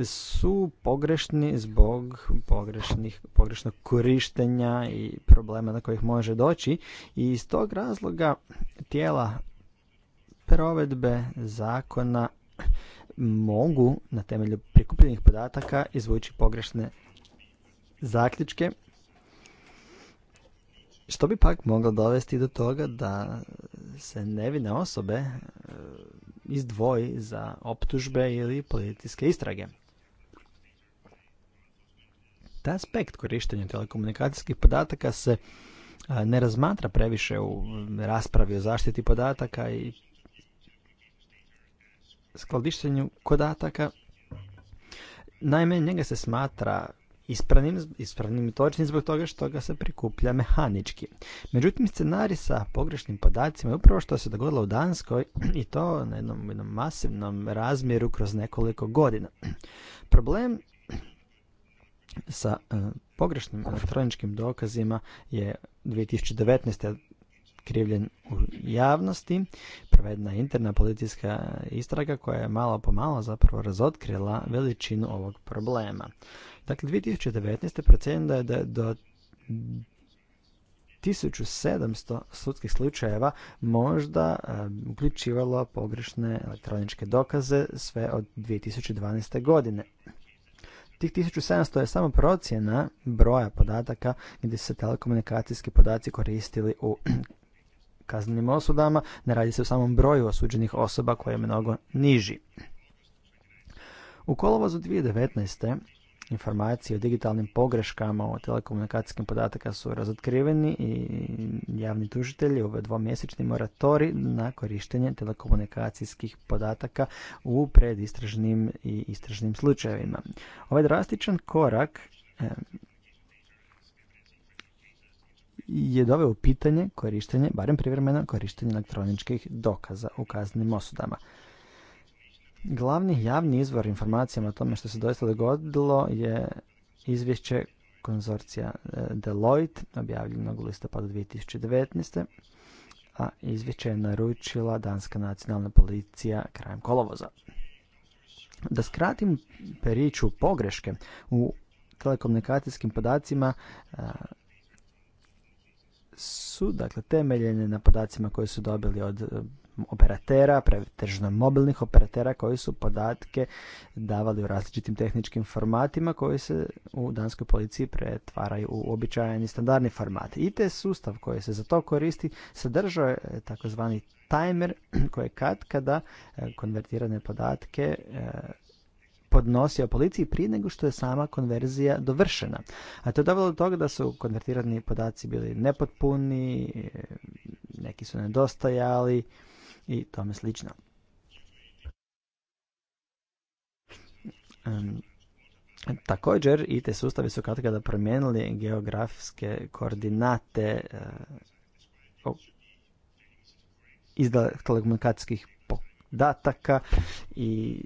su pogrešni zbog pogrešnih, pogrešnog korištenja i problema na kojih može doći i iz tog razloga tijela provedbe zakona mogu na temelju prikupljenih podataka izvući pogrešne zaključke što bi pak moglo dovesti do toga da se nevine osobe e, izdvoji za optužbe ili politiske istrage. Taj aspekt korištenja telekomunikacijskih podataka se e, ne razmatra previše u raspravi o zaštiti podataka i skladištenju podataka. Naime, njega se smatra ispravnim, ispravnim i točnim zbog toga što ga se prikuplja mehanički. Međutim, scenarij sa pogrešnim podacima je upravo što se dogodilo u Danskoj i to na jednom, jednom masivnom razmjeru kroz nekoliko godina. Problem sa e, pogrešnim elektroničkim dokazima je 2019 krivljen u javnosti. Provedena interna policijska istraga koja je malo po malo zapravo razotkrila veličinu ovog problema. Dakle, 2019. procijenjeno je da je do 1700 sudskih slučajeva možda eh, uključivalo pogrešne elektroničke dokaze sve od 2012. godine. Tih 1700 je samo procjena broja podataka gdje su se telekomunikacijski podaci koristili u kaznenim osudama, ne radi se o samom broju osuđenih osoba koji je mnogo niži. U kolovozu 2019 informacije o digitalnim pogreškama o telekomunikacijskim podataka su razotkriveni i javni tužitelji ove dvomjesečni moratori na korištenje telekomunikacijskih podataka u predistražnim i istražnim slučajevima. Ovaj drastičan korak je doveo pitanje korištenje, barem privremeno, korištenje elektroničkih dokaza u kaznim osudama. Glavni javni izvor informacijama o tome što se doista dogodilo je izvješće konzorcija e, Deloitte objavljenog u listopadu 2019. A izvješće je naručila Danska nacionalna policija krajem kolovoza. Da skratim priču pogreške u telekomunikacijskim podacima e, su dakle temeljene na podacima koje su dobili od e, operatera, pretežno mobilnih operatera koji su podatke davali u različitim tehničkim formatima koji se u danskoj policiji pretvaraju u običajeni standardni format. I te sustav koji se za to koristi sadržao je takozvani timer koji kad kada e, konvertirane podatke e, podnosio policiji prije nego što je sama konverzija dovršena. A to je dovelo do toga da su konvertirani podaci bili nepotpuni, e, neki su nedostajali, i tome slično. Također i te sustavi su kad kada promijenili geografske koordinate e, izda telekomunikacijskih podataka i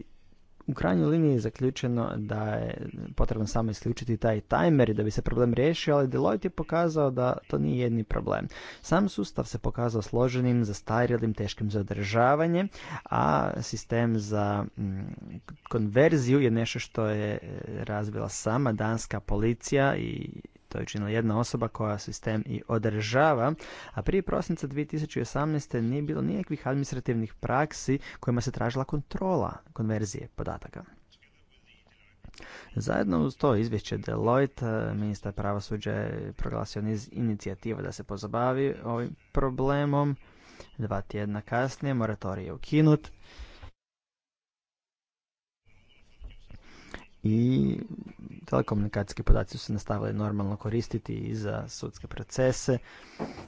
u krajnjoj liniji je zaključeno da je potrebno samo isključiti taj timer i da bi se problem riješio, ali Deloitte je pokazao da to nije jedni problem. Sam sustav se pokazao složenim, zastarjelim, teškim za održavanje, a sistem za mm, konverziju je nešto što je e, razvila sama danska policija i to je učinila jedna osoba koja sistem i održava, a prije prosinca 2018. nije bilo nikakvih administrativnih praksi kojima se tražila kontrola konverzije podataka. Zajedno uz to izvješće Deloitte, ministar pravosuđa je proglasio niz inicijativa da se pozabavi ovim problemom. Dva tjedna kasnije moratorij je ukinut i telekomunikacijski podaci su se nastavili normalno koristiti i za sudske procese,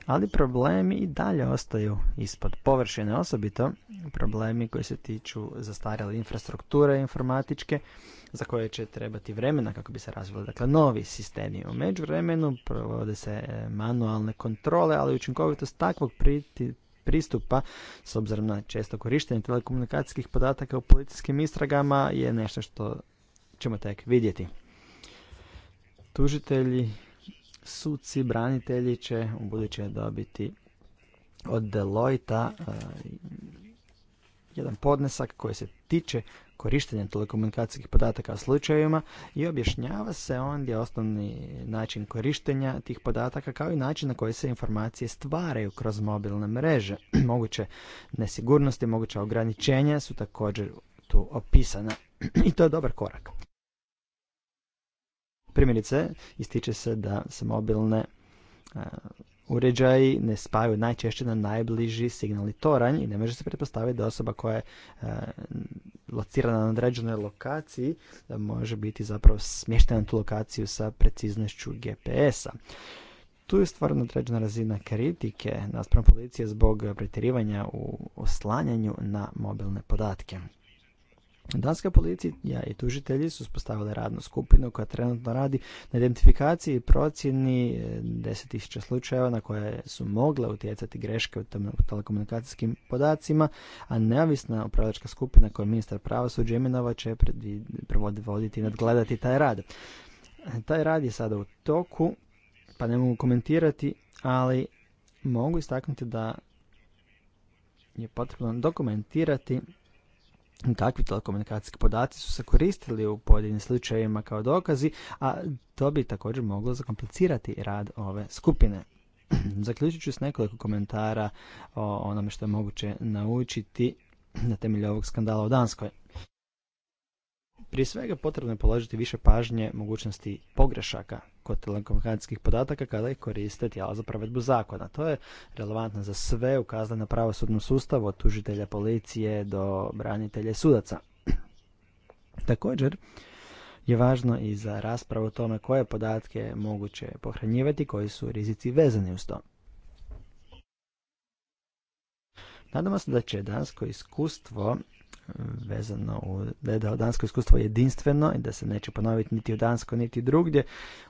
ali problemi i dalje ostaju ispod površine, osobito problemi koji se tiču zastarjale infrastrukture informatičke za koje će trebati vremena kako bi se razvili dakle, novi sistemi. U međuvremenu provode se e, manualne kontrole, ali učinkovitost takvog pristupa s obzirom na često korištenje telekomunikacijskih podataka u policijskim istragama je nešto što ćemo tek vidjeti. Tužitelji, suci, branitelji će u buduće dobiti od Deloita e, jedan podnesak koji se tiče korištenja telekomunikacijskih podataka u slučajevima i objašnjava se ondje osnovni način korištenja tih podataka kao i način na koji se informacije stvaraju kroz mobilne mreže. moguće nesigurnosti, moguća ograničenja su također tu opisana i to je dobar korak. Primjerice, ističe se da se mobilne e, uređaji ne spaju najčešće na najbliži signalni toranj i ne može se pretpostaviti da osoba koja je e, locirana na određenoj lokaciji da može biti zapravo smještena na tu lokaciju sa preciznošću GPS-a. Tu je stvarno određena razina kritike naspram policije zbog pretjerivanja u oslanjanju na mobilne podatke. Danska policija i tužitelji su spostavili radnu skupinu koja trenutno radi na identifikaciji i procjeni 10.000 e, slučajeva na koje su mogle utjecati greške u telekomunikacijskim podacima, a neovisna upravljačka skupina koju ministar pravosuđa imenova će voditi i nadgledati taj rad. E, taj rad je sada u toku, pa ne mogu komentirati, ali mogu istaknuti da je potrebno dokumentirati takvi telekomunikacijski podaci su se koristili u pojedinim slučajevima kao dokazi, a to bi također moglo zakomplicirati rad ove skupine. Zaključit ću s nekoliko komentara o onome što je moguće naučiti na temelju ovog skandala u Danskoj. Prije svega potrebno je položiti više pažnje mogućnosti pogrešaka kod telekomunikacijskih podataka kada ih koriste tijela za provedbu zakona. To je relevantno za sve ukazane na pravosudnom sustavu, od tužitelja policije do branitelja sudaca. Također je važno i za raspravu o tome koje podatke moguće pohranjivati, koji su rizici vezani uz to. Nadamo se da će dansko iskustvo vezano u, da dansko iskustvo jedinstveno i da se neće ponoviti niti u Danskoj niti drugdje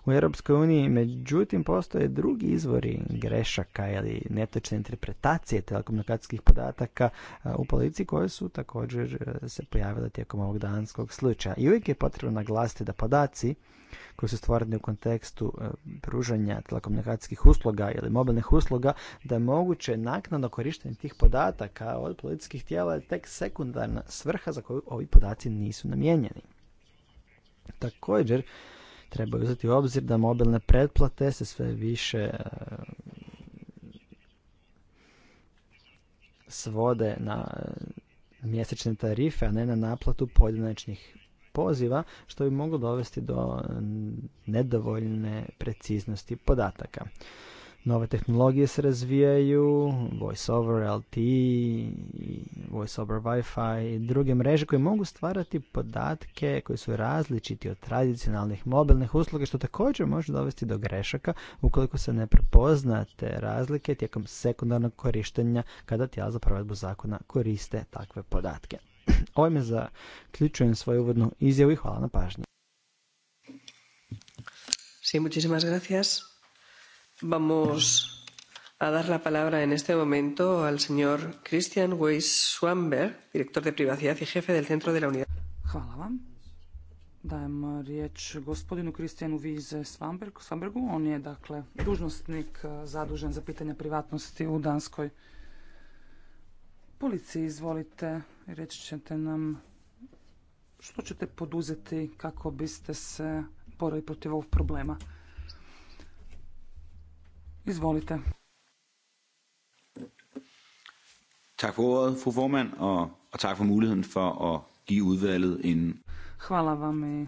u Europskoj uniji. Međutim, postoje drugi izvori grešaka ili netočne interpretacije telekomunikacijskih podataka u policiji koje su također e, se pojavile tijekom ovog danskog slučaja. I uvijek je potrebno naglasiti da podaci koji su stvoreni u kontekstu e, pružanja telekomunikacijskih usluga ili mobilnih usluga, da je moguće naknadno korištenje tih podataka od policijskih tijela je tek sekundarna svrha za koju ovi podaci nisu namijenjeni. Također, treba uzeti u obzir da mobilne pretplate se sve više e, svode na e, mjesečne tarife, a ne na naplatu pojedinačnih poziva što bi moglo dovesti do nedovoljne preciznosti podataka. Nove tehnologije se razvijaju, VoiceOver LT, VoiceOver Wi-Fi i druge mreže koje mogu stvarati podatke koji su različiti od tradicionalnih mobilnih usluga što također može dovesti do grešaka ukoliko se ne prepoznate razlike tijekom sekundarnog korištenja kada tijela za provedbu zakona koriste takve podatke. Ovime zaključujem svoju uvodnu izjavu i hvala na pažnji. Sí, muchísimas gracias. Vamos a dar la palabra en este momento al señor Christian Weiss Schwamberg, director de privacidad y jefe del centro de la unidad. Hvala vam. Dajem riječ gospodinu Kristijanu Vize Svambergu. On je, dakle, dužnostnik eh, zadužen za pitanja privatnosti u Danskoj. Policiji izvolite, reći ćete nam što ćete poduzeti kako biste se borili protiv ovog problema. Izvolite. Tak for ordet, fru formand, og, og tak for muligheden for at give udvalget en... Hvala vam i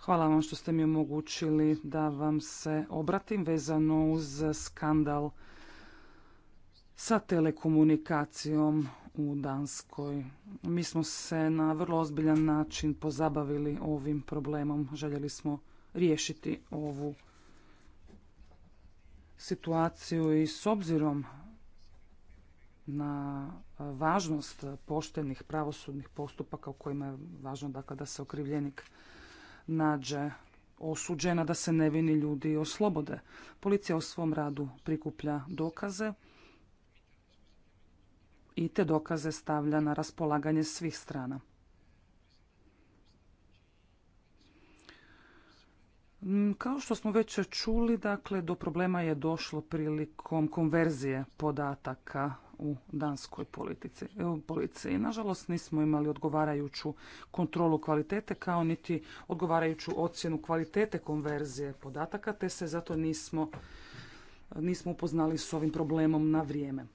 Hvala vam što ste mi omogućili da vam se obratim vezano uz skandal sa telekomunikacijom u Danskoj. Mi smo se na vrlo ozbiljan način pozabavili ovim problemom. Željeli smo riješiti ovu situaciju i s obzirom na važnost poštenih pravosudnih postupaka u kojima je važno dakle, da se okrivljenik nađe osuđena, da se nevini ljudi oslobode. Policija u svom radu prikuplja dokaze i te dokaze stavlja na raspolaganje svih strana. Mm, kao što smo već čuli, dakle, do problema je došlo prilikom konverzije podataka u danskoj politici, I Nažalost, nismo imali odgovarajuću kontrolu kvalitete kao niti odgovarajuću ocjenu kvalitete konverzije podataka, te se zato nismo, nismo upoznali s ovim problemom na vrijeme.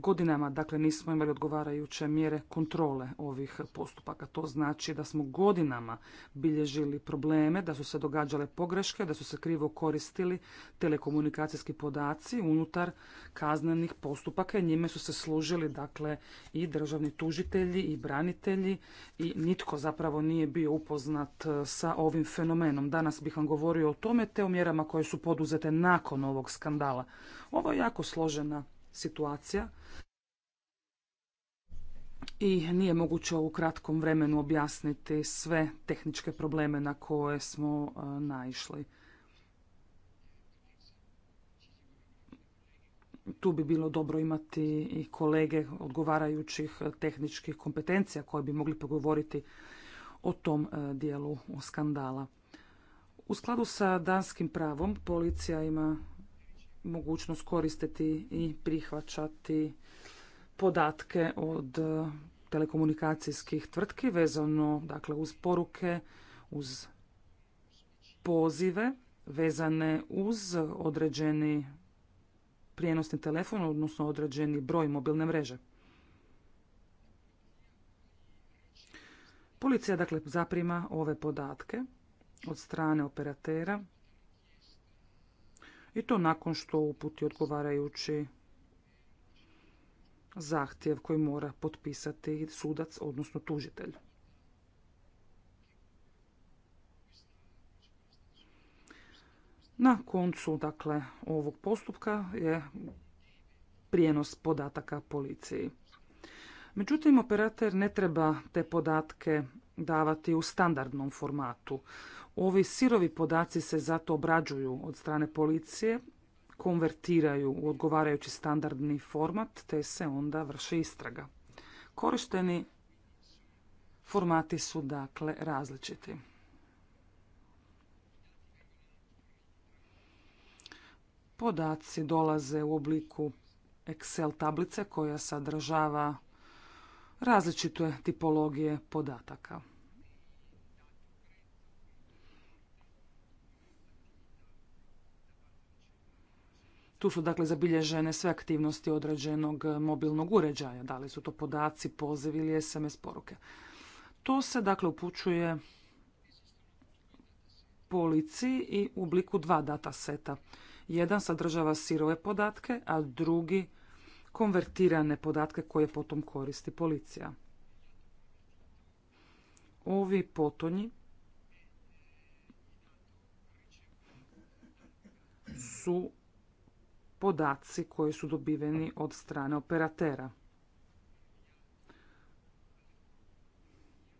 Godinama, dakle, nismo imali odgovarajuće mjere kontrole ovih postupaka. To znači da smo godinama bilježili probleme, da su se događale pogreške, da su se krivo koristili telekomunikacijski podaci unutar kaznenih postupaka i njime su se služili, dakle, i državni tužitelji i branitelji i nitko zapravo nije bio upoznat e, sa ovim fenomenom. Danas bih vam govorio o tome te o mjerama koje su poduzete nakon ovog skandala. Ovo je jako složena situacija i nije moguće u kratkom vremenu objasniti sve tehničke probleme na koje smo e, naišli. Tu bi bilo dobro imati i kolege odgovarajućih e, tehničkih kompetencija koje bi mogli pogovoriti o tom e, dijelu skandala. U skladu sa danskim pravom policija ima mogućnost koristiti i prihvaćati podatke od e, telekomunikacijskih tvrtki vezano dakle uz poruke, uz pozive vezane uz određeni prijenosni telefon, odnosno određeni broj mobilne mreže. Policija dakle zaprima ove podatke od strane operatera i to nakon što uputi odgovarajući zahtjev koji mora potpisati sudac, odnosno tužitelj. Na koncu dakle, ovog postupka je prijenos podataka policiji. Međutim, operater ne treba te podatke davati u standardnom formatu. Ovi sirovi podaci se zato obrađuju od strane policije, konvertiraju u odgovarajući standardni format, te se onda vrši istraga. Korišteni formati su dakle različiti. Podaci dolaze u obliku Excel tablice koja sadržava različite tipologije podataka. Tu su dakle zabilježene sve aktivnosti određenog e, mobilnog uređaja, da li su to podaci, pozivi ili SMS poruke. To se dakle upućuje policiji i u obliku dva data seta. Jedan sadržava sirove podatke, a drugi konvertirane podatke koje potom koristi policija. Ovi potonji su podaci koji su dobiveni od strane operatera.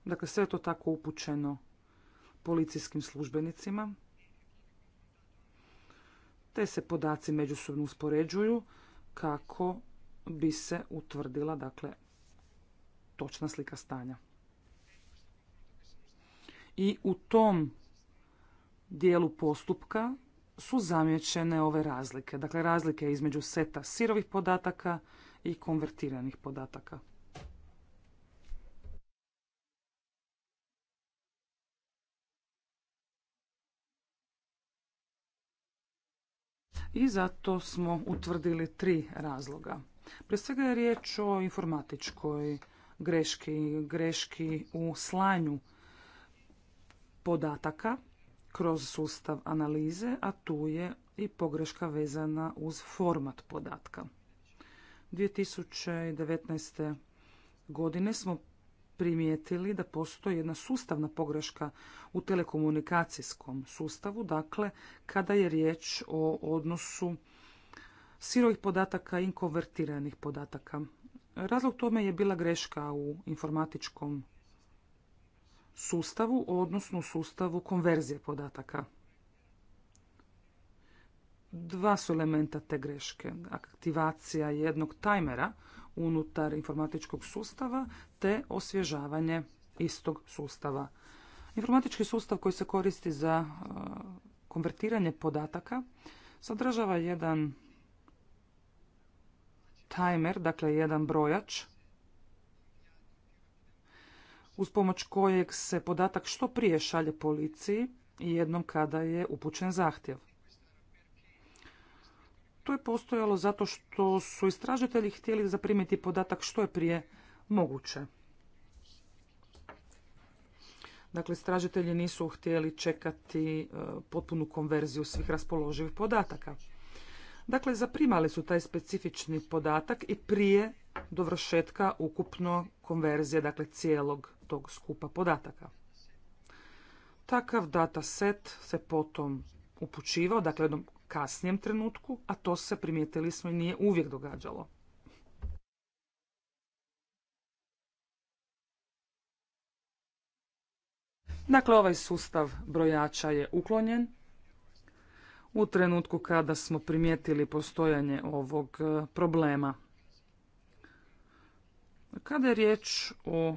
Dakle, sve je to tako upućeno policijskim službenicima. Te se podaci međusobno uspoređuju kako bi se utvrdila dakle, točna slika stanja. I u tom dijelu postupka su zamjećene ove razlike, dakle razlike između seta sirovih podataka i konvertiranih podataka. I zato smo utvrdili tri razloga. Prije svega je riječ o informatičkoj greški, greški u slanju podataka kroz sustav analize, a tu je i pogreška vezana uz format podatka. 2019. godine smo primijetili da postoji jedna sustavna pogreška u telekomunikacijskom sustavu, dakle kada je riječ o odnosu sirovih podataka i konvertiranih podataka. Razlog tome je bila greška u informatičkom sustavu, odnosno sustavu konverzije podataka. Dva su elementa te greške. Aktivacija jednog tajmera unutar informatičkog sustava te osvježavanje istog sustava. Informatički sustav koji se koristi za e, konvertiranje podataka sadržava jedan tajmer, dakle jedan brojač uz pomoć kojeg se podatak što prije šalje policiji i jednom kada je upućen zahtjev. To je postojalo zato što su istražitelji htjeli zaprimiti podatak što je prije moguće. Dakle, istražitelji nisu htjeli čekati e, potpunu konverziju svih raspoloživih podataka. Dakle, zaprimali su taj specifični podatak i prije dovršetka ukupno konverzije, dakle cijelog tog skupa podataka. Takav dataset se potom upućivao, dakle jednom kasnijem trenutku, a to se primijetili smo i nije uvijek događalo. Dakle, ovaj sustav brojača je uklonjen. U trenutku kada smo primijetili postojanje ovog e, problema. Kada je riječ o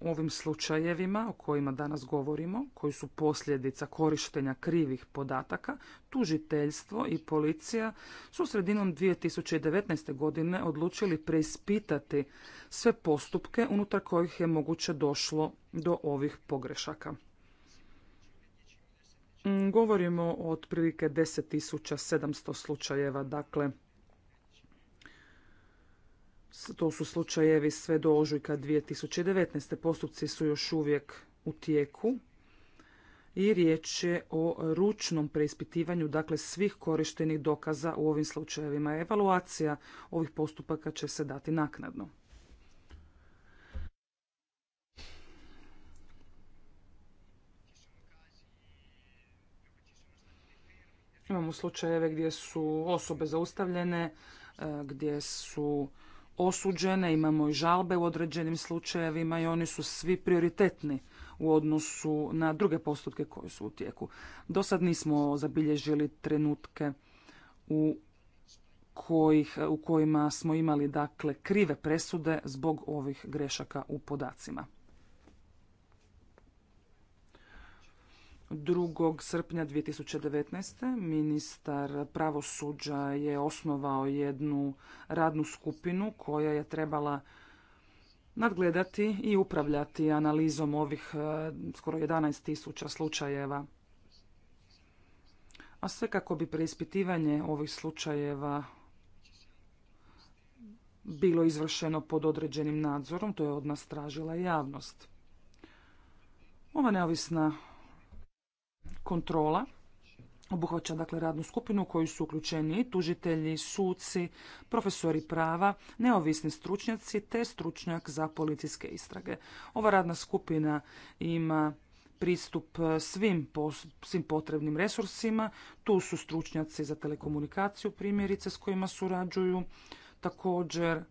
ovim slučajevima o kojima danas govorimo, koji su posljedica korištenja krivih podataka, tužiteljstvo i policija su sredinom 2019. godine odlučili preispitati sve postupke unutar kojih je moguće došlo do ovih pogrešaka. Mm, govorimo o otprilike 10.700 slučajeva, dakle to su slučajevi sve do ožujka 2019. Postupci su još uvijek u tijeku i riječ je o ručnom preispitivanju dakle svih korištenih dokaza u ovim slučajevima. Evaluacija ovih postupaka će se dati naknadno. Imamo slučajeve gdje su osobe zaustavljene, e, gdje su osuđene, imamo i žalbe u određenim slučajevima i oni su svi prioritetni u odnosu na druge postupke koji su u tijeku. Do sad nismo zabilježili trenutke u, kojih, u kojima smo imali dakle krive presude zbog ovih grešaka u podacima. 2. srpnja 2019. ministar pravosuđa je osnovao jednu radnu skupinu koja je trebala nadgledati i upravljati analizom ovih e, skoro 11.000 slučajeva. A sve kako bi preispitivanje ovih slučajeva bilo izvršeno pod određenim nadzorom, to je od nas tražila javnost. Ova neovisna kontrola obuhvaća dakle radnu skupinu u koju su uključeni tužitelji, suci, profesori prava, neovisni stručnjaci te stručnjak za policijske istrage. Ova radna skupina ima pristup svim, svim potrebnim resursima. Tu su stručnjaci za telekomunikaciju primjerice s kojima surađuju. Također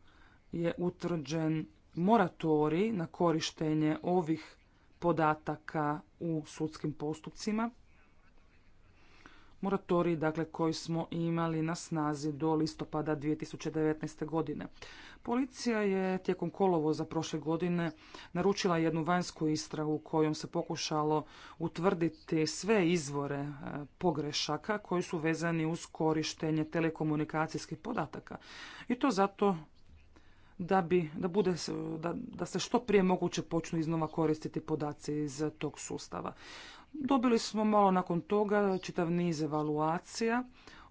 je utvrđen moratorij na korištenje ovih podataka u sudskim postupcima moratorij dakle, koji smo imali na snazi do listopada 2019. godine. Policija je tijekom kolovoza prošle godine naručila jednu vanjsku istragu kojom se pokušalo utvrditi sve izvore e, pogrešaka koji su vezani uz korištenje telekomunikacijskih podataka. I to zato da, bi, da, bude, da, da se što prije moguće počnu iznova koristiti podaci iz tog sustava. Dobili smo malo nakon toga čitav niz evaluacija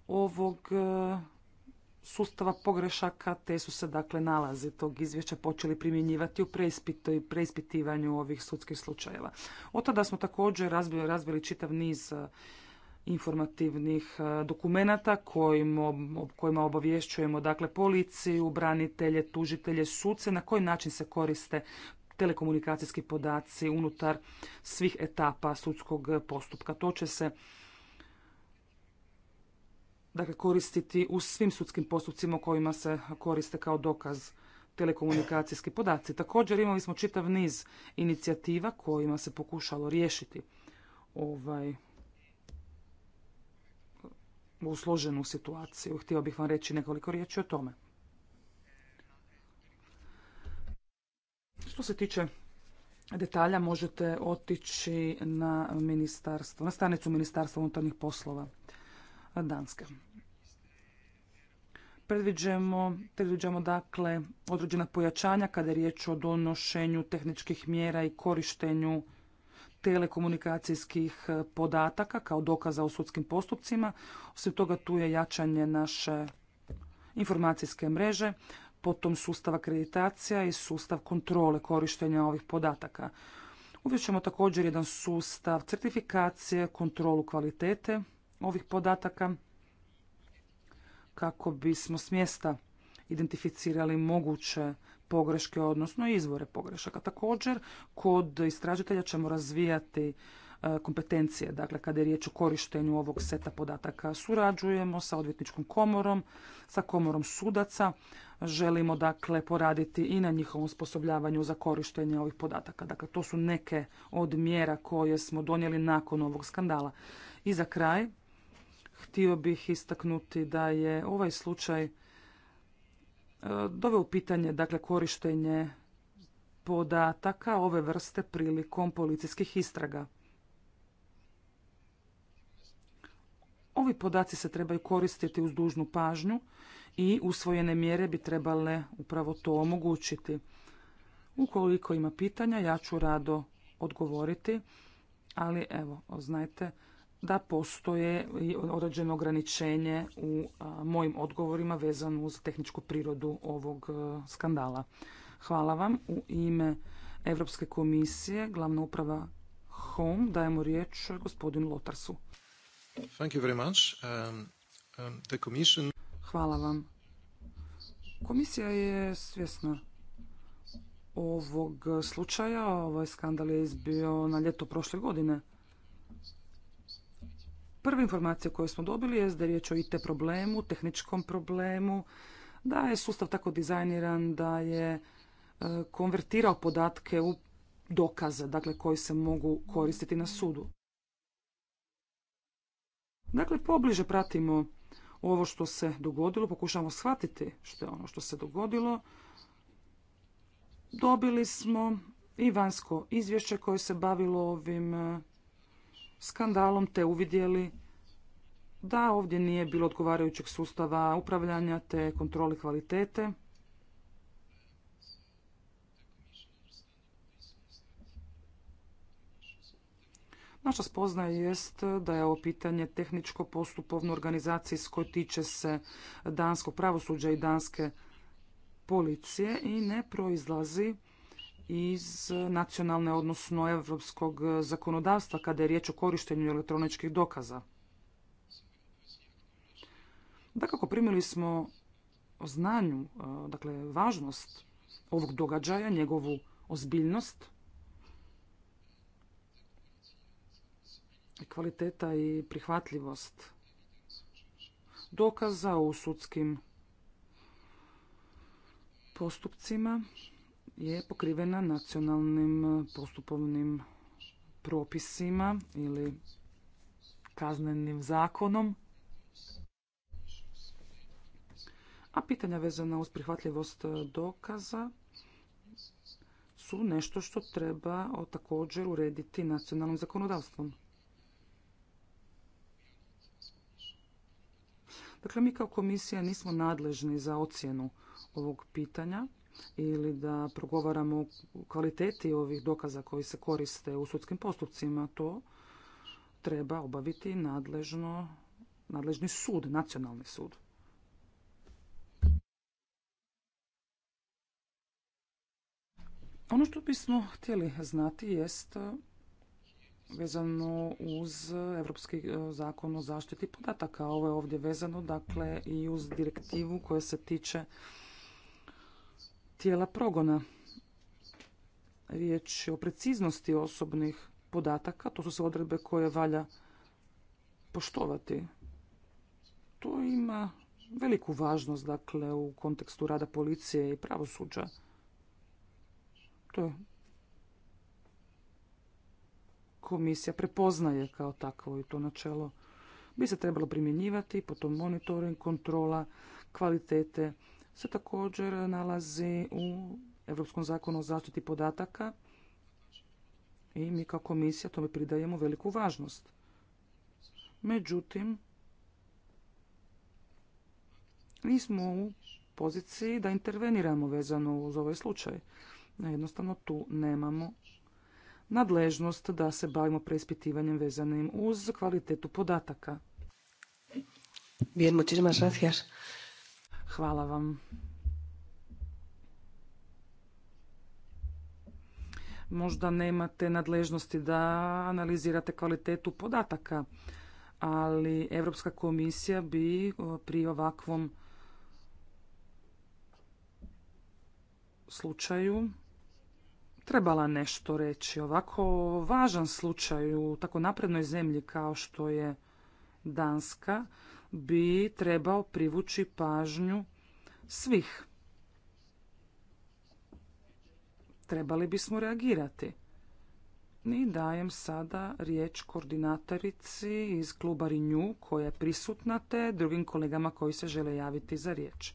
ovog e, sustava pogrešaka, te su se dakle nalazi tog izvješća počeli primjenjivati u preispitivanju ovih sudskih slučajeva. Od tada smo također razbili, čitav niz e, informativnih e, dokumenata kojima obavješćujemo dakle policiju, branitelje, tužitelje, suce, na koji način se koriste telekomunikacijski podaci unutar svih etapa sudskog postupka. To će se dakle, koristiti u svim sudskim postupcima kojima se koriste kao dokaz telekomunikacijski podaci. Također imali smo čitav niz inicijativa kojima se pokušalo riješiti ovaj u složenu situaciju. Htio bih vam reći nekoliko riječi o tome. Što se tiče detalja možete otići na ministarstvo, na stanicu Ministarstva unutarnjih poslova Danske. Predviđamo, dakle određena pojačanja kada je riječ o donošenju tehničkih mjera i korištenju telekomunikacijskih podataka kao dokaza u sudskim postupcima. Osim toga tu je jačanje naše informacijske mreže, potom sustav akreditacija i sustav kontrole korištenja ovih podataka. Uvjet ćemo također jedan sustav certifikacije, kontrolu kvalitete ovih podataka kako bismo s mjesta identificirali moguće pogreške, odnosno izvore pogrešaka. Također, kod istražitelja ćemo razvijati E, kompetencije, dakle kada je riječ o korištenju ovog seta podataka. Surađujemo sa odvjetničkom komorom, sa komorom sudaca. Želimo dakle poraditi i na njihovom osposobljavanju za korištenje ovih podataka. Dakle, to su neke od mjera koje smo donijeli nakon ovog skandala. I za kraj, htio bih istaknuti da je ovaj slučaj e, doveo u pitanje dakle, korištenje podataka ove vrste prilikom policijskih istraga. Ovi podaci se trebaju koristiti uz dužnu pažnju i usvojene mjere bi trebale upravo to omogućiti. Ukoliko ima pitanja, ja ću rado odgovoriti, ali evo, znajte da postoje određeno ograničenje u mojim odgovorima vezano uz tehničku prirodu ovog skandala. Hvala vam. U ime Europske komisije, glavna uprava HOME, dajemo riječ gospodinu Lotarsu. Um, um, Hvala vam. Komisija je svjesna ovog slučaja. Ovaj skandal je izbio na ljeto prošle godine. Prve informacije koje smo dobili je da je riječ o IT problemu, tehničkom problemu, da je sustav tako dizajniran da je e, konvertirao podatke u dokaze, dakle koji se mogu koristiti na sudu. Dakle, pobliže pratimo ovo što se dogodilo, pokušamo shvatiti što je ono što se dogodilo. Dobili smo i vanjsko izvješće koje se bavilo ovim e, skandalom, te uvidjeli da ovdje nije bilo odgovarajućeg sustava upravljanja te kontroli kvalitete. Naša spoznaja jest da je ovo pitanje tehničko postupovno organizacijsko tiče se danskog pravosuđa i danske policije i ne proizlazi iz nacionalne, odnosno europskog zakonodavstva kada je riječ o korištenju elektroničkih dokaza. Dakako, primili smo o znanju, e, dakle, važnost ovog događaja, njegovu ozbiljnost, kvaliteta i prihvatljivost dokaza u sudskim postupcima je pokrivena nacionalnim postupovnim propisima ili kaznenim zakonom. A pitanja vezana uz prihvatljivost dokaza su nešto što treba također urediti nacionalnim zakonodavstvom. Dakle, mi kao komisija nismo nadležni za ocjenu ovog pitanja ili da progovaramo kvaliteti ovih dokaza koji se koriste u sudskim postupcima. To treba obaviti nadležno, nadležni sud, nacionalni sud. Ono što bismo htjeli znati jest vezano uz Evropski e, zakon o zaštiti podataka. Ovo je ovdje vezano dakle i uz direktivu koja se tiče tijela progona. Riječ je o preciznosti osobnih podataka. To su se odredbe koje valja poštovati. To ima veliku važnost dakle u kontekstu rada policije i pravosuđa. To je komisija prepoznaje kao takvo i to načelo bi se trebalo primjenjivati, potom monitoring, kontrola, kvalitete se također nalazi u Europskom zakonu o zaštiti podataka i mi kao komisija tome pridajemo veliku važnost. Međutim, smo u poziciji da interveniramo vezano uz ovaj slučaj. Jednostavno tu nemamo nadležnost da se bavimo preispitivanjem vezanim uz kvalitetu podataka. Hvala vam. Možda nemate nadležnosti da analizirate kvalitetu podataka, ali Europska komisija bi pri ovakvom slučaju trebala nešto reći. Ovako važan slučaj u tako naprednoj zemlji kao što je Danska bi trebao privući pažnju svih. Trebali bismo reagirati. I dajem sada riječ koordinatorici iz kluba RINJU koja je prisutna te drugim kolegama koji se žele javiti za riječ.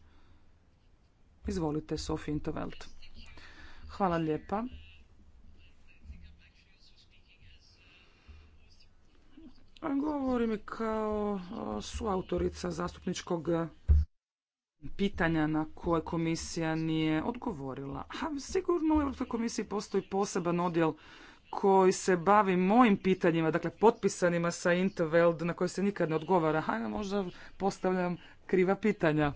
Izvolite, Sofie Intovelt. Hvala lijepa. Govorim kao suautorica zastupničkog pitanja na koje komisija nije odgovorila. A sigurno u Europskoj komisiji postoji poseban odjel koji se bavi mojim pitanjima, dakle potpisanima sa Interveld na koje se nikad ne odgovara. možda postavljam kriva pitanja.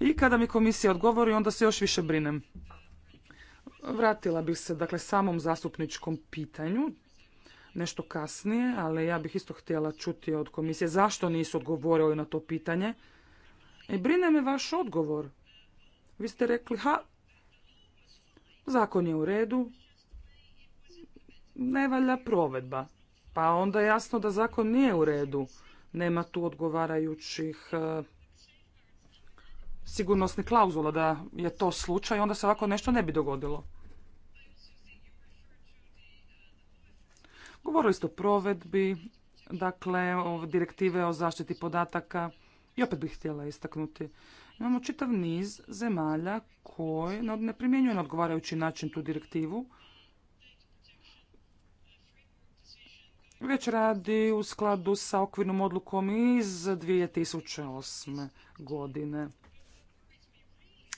I kada mi komisija odgovori, onda se još više brinem. Vratila bih se dakle samom zastupničkom pitanju nešto kasnije, ali ja bih isto htjela čuti od komisije zašto nisu odgovorili na to pitanje. I brine me vaš odgovor. Vi ste rekli, ha, zakon je u redu, ne valja provedba. Pa onda jasno da zakon nije u redu. Nema tu odgovarajućih eh, sigurnosnih klauzula da je to slučaj, onda se ovako nešto ne bi dogodilo. Govorili ste o provedbi, dakle, o direktive o zaštiti podataka i opet bih htjela istaknuti. Imamo čitav niz zemalja koje ne primjenjuju na odgovarajući način tu direktivu, već radi u skladu sa okvirnom odlukom iz 2008. godine.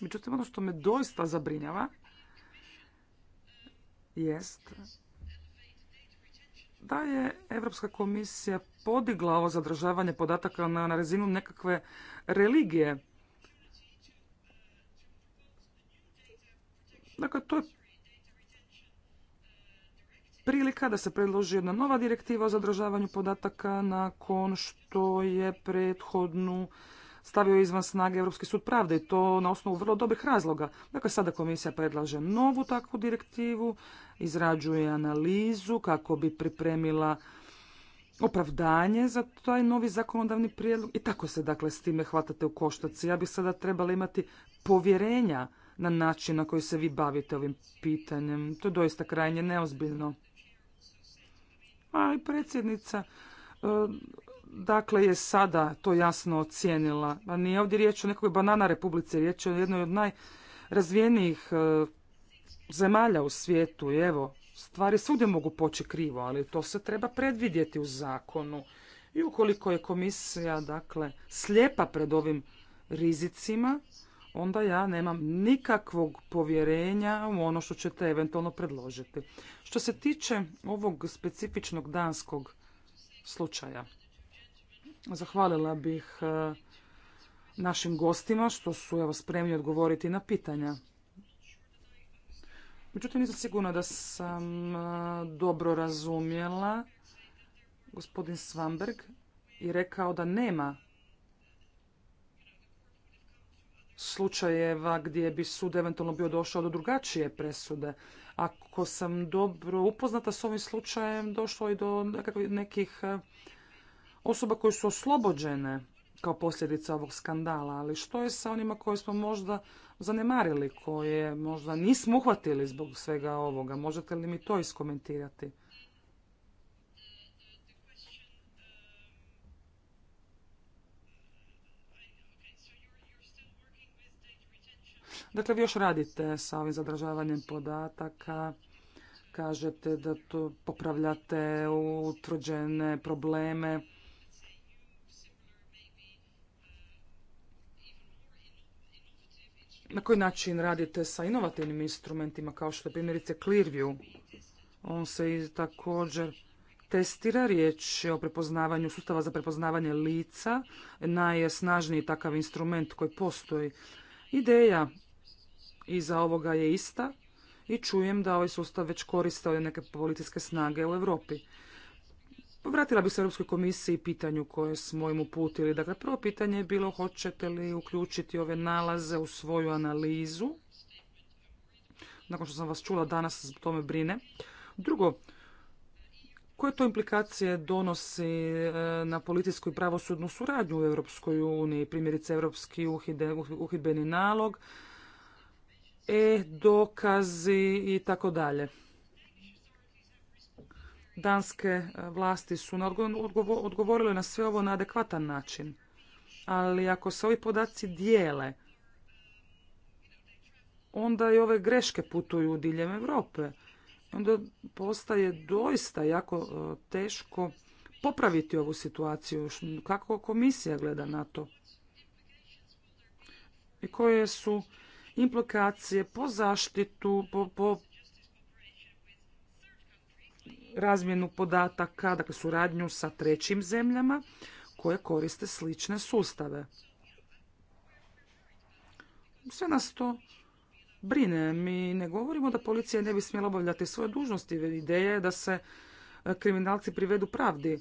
Međutim, ono što me doista zabrinjava jest da je Europska komisija podigla ovo zadržavanje podataka na, na razinu nekakve religije. Dakle, to je prilika da se predloži jedna nova direktiva o zadržavanju podataka nakon što je prethodnu stavio izvan snage Europski sud pravde i to na osnovu vrlo dobrih razloga. Dakle, sada komisija predlaže novu takvu direktivu, izrađuje analizu kako bi pripremila opravdanje za taj novi zakonodavni prijedlog i tako se dakle s time hvatate u koštaci. Ja bi sada trebala imati povjerenja na način na koji se vi bavite ovim pitanjem. To je doista krajnje neozbiljno. A i predsjednica dakle je sada to jasno ocijenila. Pa nije ovdje riječ o nekoj banana republici, riječ je o jednoj od najrazvijenijih e, zemalja u svijetu. I evo, stvari svugdje mogu poći krivo, ali to se treba predvidjeti u zakonu. I ukoliko je komisija, dakle, slijepa pred ovim rizicima, onda ja nemam nikakvog povjerenja u ono što ćete eventualno predložiti. Što se tiče ovog specifičnog danskog slučaja, Zahvalila bih e, našim gostima što su evo spremni odgovoriti na pitanja. Međutim, nisam sigurna da sam e, dobro razumjela. Gospodin Svamberg i rekao da nema slučajeva gdje bi sud eventualno bio došao do drugačije presude. Ako sam dobro upoznata s ovim slučajem, došlo je do nekih e, osoba koje su oslobođene kao posljedica ovog skandala, ali što je sa onima koje smo možda zanemarili, koje možda nismo uhvatili zbog svega ovoga? Možete li mi to iskomentirati? Dakle, vi još radite sa ovim zadržavanjem podataka, kažete da to popravljate utvrđene probleme. na koji način radite sa inovativnim instrumentima kao što je primjerice Clearview. On se i također testira, riječ je o prepoznavanju sustava za prepoznavanje lica, najsnažniji takav instrument koji postoji. Ideja iza ovoga je ista i čujem da ovaj sustav već koriste neke policijske snage u Europi. Vratila bih se Europskoj komisiji pitanju koje smo im uputili. Dakle, prvo pitanje je bilo hoćete li uključiti ove nalaze u svoju analizu. Nakon što sam vas čula danas, se tome brine. Drugo, koje to implikacije donosi e, na policijsku i pravosudnu suradnju u Europskoj uniji, primjerice Europski uhidbeni nalog, e-dokazi i tako dalje danske e, vlasti su odgovorile na sve ovo na adekvatan način. Ali ako se ovi podaci dijele, onda i ove greške putuju diljem Europe. Onda postaje doista jako e, teško popraviti ovu situaciju. Kako komisija gleda na to? I koje su implikacije po zaštitu, po, po razmjenu podataka, dakle suradnju sa trećim zemljama koje koriste slične sustave. Sve nas to brine. Mi ne govorimo da policija ne bi smjela obavljati svoje dužnosti. Ideja je da se e, kriminalci privedu pravdi,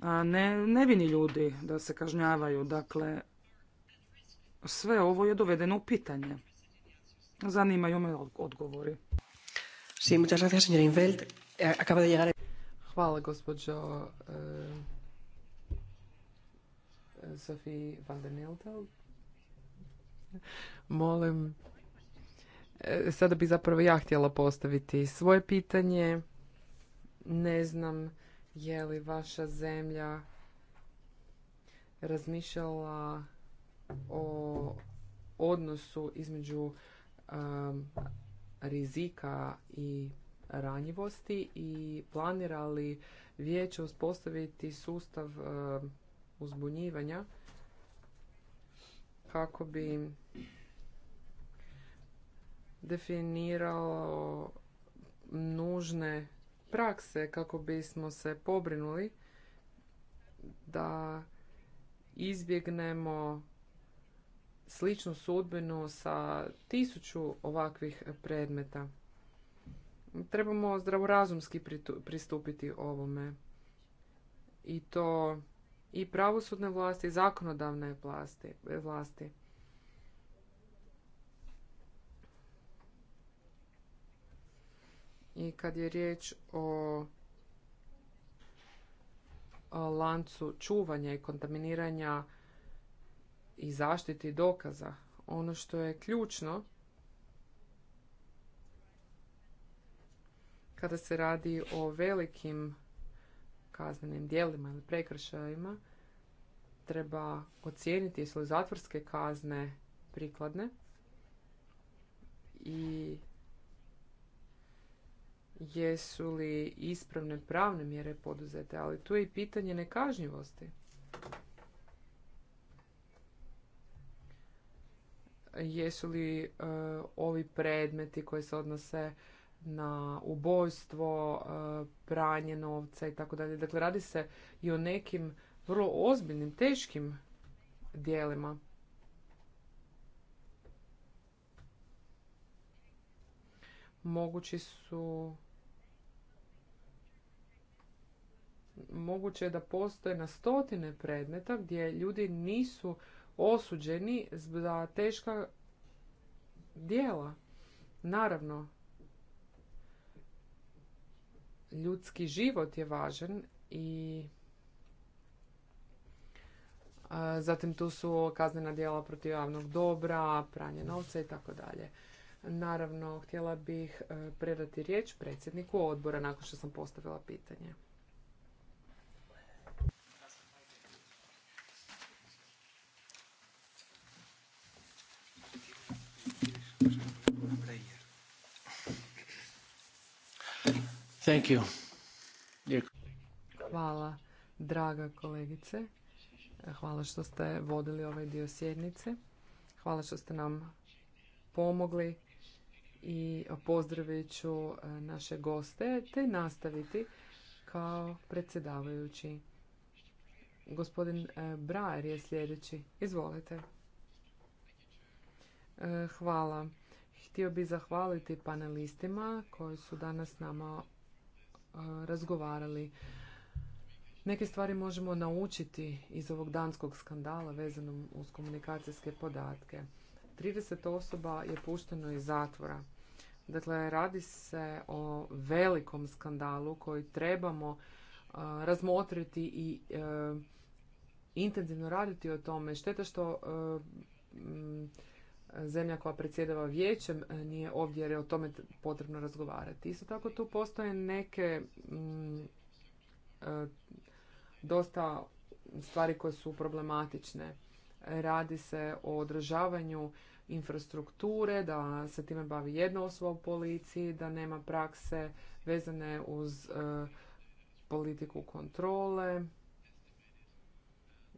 a ne nevini ljudi da se kažnjavaju. Dakle, sve ovo je dovedeno u pitanje. Zanimaju me odgovori. Sí, muchas Hvala gospođo eh, Sofiji van der Neltel. Molim, eh, sada bi zapravo ja htjela postaviti svoje pitanje. Ne znam je li vaša zemlja razmišljala o odnosu između eh, rizika i ranjivosti i planira li vijeće uspostaviti sustav e, uzbunjivanja kako bi definirao nužne prakse kako bismo se pobrinuli da izbjegnemo sličnu sudbinu sa tisuću ovakvih predmeta trebamo zdravorazumski pristupiti ovome. I to i pravosudne vlasti i zakonodavne vlasti. I kad je riječ o lancu čuvanja i kontaminiranja i zaštiti dokaza, ono što je ključno kada se radi o velikim kaznenim djelima ili prekršajima, treba ocijeniti jesu li zatvorske kazne prikladne i jesu li ispravne pravne mjere poduzete, ali tu je i pitanje nekažnjivosti. Jesu li e, ovi predmeti koji se odnose na ubojstvo, e, pranje novca i tako dalje. Dakle, radi se i o nekim vrlo ozbiljnim, teškim dijelima. Mogući su moguće je da postoje na stotine predmeta gdje ljudi nisu osuđeni za teška dijela. Naravno, ljudski život je važan i zatim tu su kaznena djela protiv javnog dobra, pranje novca i tako dalje. Naravno, htjela bih e, predati riječ predsjedniku odbora nakon što sam postavila pitanje. Thank you. Hvala, draga kolegice. Hvala što ste vodili ovaj dio sjednice. Hvala što ste nam pomogli i pozdravit ću e, naše goste te nastaviti kao predsjedavajući. Gospodin e, Brajer je sljedeći. Izvolite. E, hvala. Htio bih zahvaliti panelistima koji su danas nama razgovarali. Neke stvari možemo naučiti iz ovog danskog skandala vezanom uz komunikacijske podatke. 30 osoba je pušteno iz zatvora. Dakle, radi se o velikom skandalu koji trebamo razmotriti i e, intenzivno raditi o tome. Šteta što e, zemlja koja predsjedava vijećem e, nije ovdje jer je o tome potrebno razgovarati. Isto tako tu postoje neke mm, e, dosta stvari koje su problematične. Radi se o održavanju infrastrukture, da se time bavi jedna osoba u policiji, da nema prakse vezane uz e, politiku kontrole,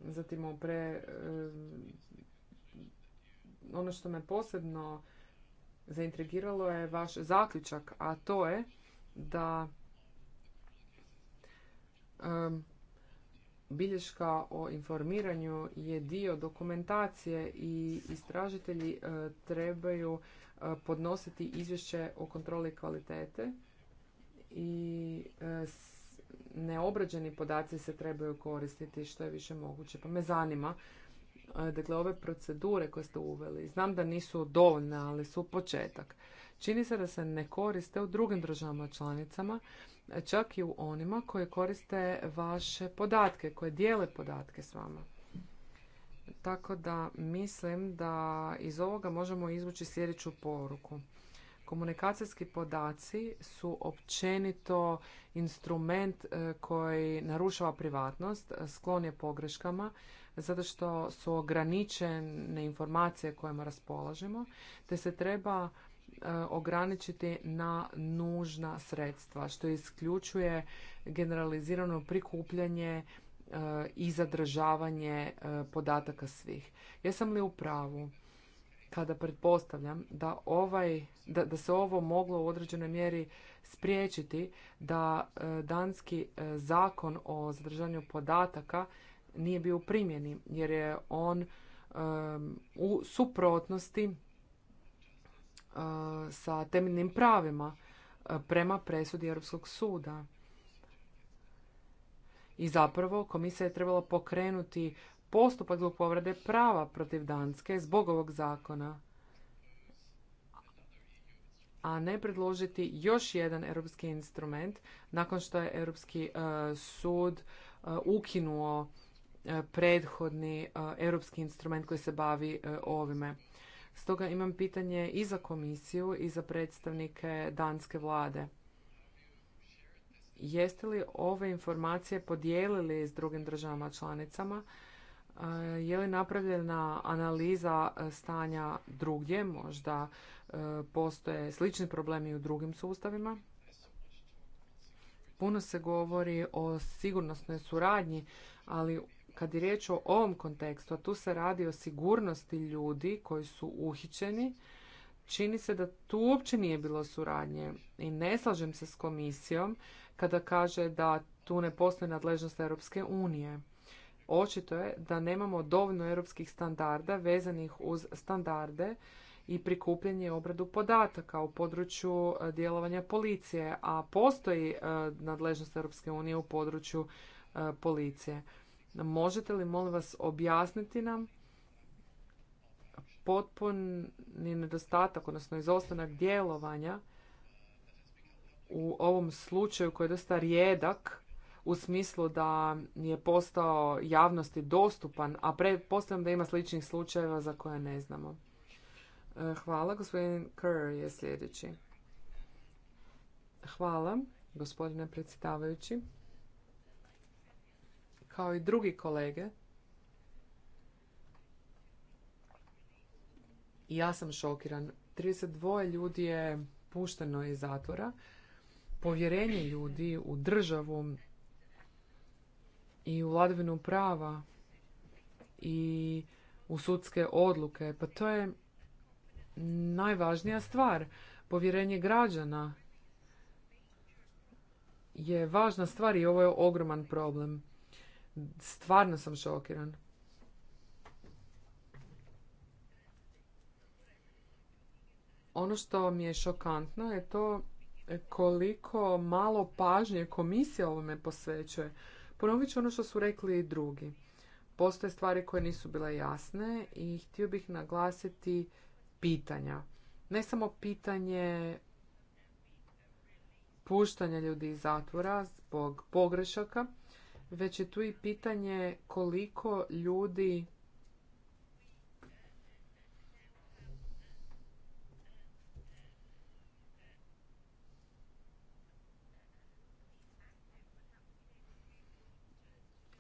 zatim o pre ono što me posebno zaintrigiralo je vaš zaključak, a to je da bilješka o informiranju je dio dokumentacije i istražitelji e, trebaju e, podnositi izvješće o kontroli kvalitete i e, neobrađeni podaci se trebaju koristiti što je više moguće. Pa me zanima E, dakle ove procedure koje ste uveli, znam da nisu dovoljne, ali su početak. Čini se da se ne koriste u drugim državama članicama, čak i u onima koje koriste vaše podatke, koje dijele podatke s vama. Tako da mislim da iz ovoga možemo izvući sljedeću poruku. Komunikacijski podaci su općenito instrument e, koji narušava privatnost, sklon je pogreškama, zato što su ograničene informacije kojima raspolažemo, te se treba e, ograničiti na nužna sredstva, što isključuje generalizirano prikupljanje e, i zadržavanje e, podataka svih. Jesam li u pravu kada pretpostavljam da, ovaj, da, da se ovo moglo u određenoj mjeri spriječiti da danski zakon o zadržanju podataka nije bio u primjeni jer je on u suprotnosti e, sa temeljnim pravima e, prema presudi Europskog suda. I zapravo komisija je trebala pokrenuti postupak zbog povrede prava protiv Danske zbog ovog zakona, a ne predložiti još jedan europski instrument nakon što je Europski e, sud ukinuo E, prethodni e, europski instrument koji se bavi e, ovime. Stoga imam pitanje i za komisiju i za predstavnike danske vlade. Jeste li ove informacije podijelili s drugim državama članicama? Je li napravljena analiza stanja drugdje? Možda postoje slični problemi u drugim sustavima? Puno se govori o sigurnosnoj suradnji, ali kad je riječ o ovom kontekstu, a tu se radi o sigurnosti ljudi koji su uhićeni, čini se da tu uopće nije bilo suradnje i ne slažem se s komisijom kada kaže da tu ne postoji nadležnost Europske unije. Očito je da nemamo dovoljno europskih standarda vezanih uz standarde i prikupljanje i obradu podataka u području e, djelovanja policije, a postoji e, nadležnost Europske unije u području e, policije. Možete li, molim vas, objasniti nam potpuni nedostatak, odnosno izostanak djelovanja u ovom slučaju koji je dosta rijedak u smislu da je postao javnosti dostupan, a pretpostavljam da ima sličnih slučajeva za koje ne znamo. E, hvala. Gospodin Kerr je sljedeći. Hvala, gospodine predsjedavajući kao i drugi kolege. I ja sam šokiran. 32 ljudi je pušteno iz zatvora. Povjerenje ljudi u državu i u vladavinu prava i u sudske odluke. Pa to je najvažnija stvar. Povjerenje građana je važna stvar i ovo je ogroman problem. Stvarno sam šokiran. Ono što mi je šokantno je to koliko malo pažnje komisija ovome posvećuje. Ponovit ću ono što su rekli i drugi. Postoje stvari koje nisu bile jasne i htio bih naglasiti pitanja. Ne samo pitanje puštanja ljudi iz zatvora zbog pogrešaka, već je tu i pitanje koliko ljudi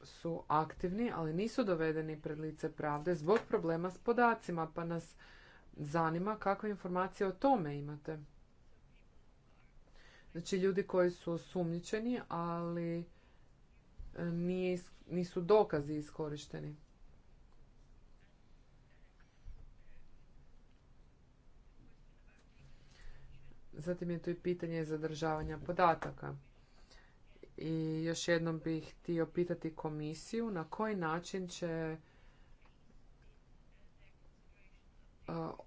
su aktivni, ali nisu dovedeni pred lice pravde zbog problema s podacima, pa nas zanima kakve informacije o tome imate. Znači ljudi koji su osumnjičeni, ali nisu dokazi iskorišteni. Zatim je tu i pitanje zadržavanja podataka. I još jednom bih htio pitati komisiju na koji način će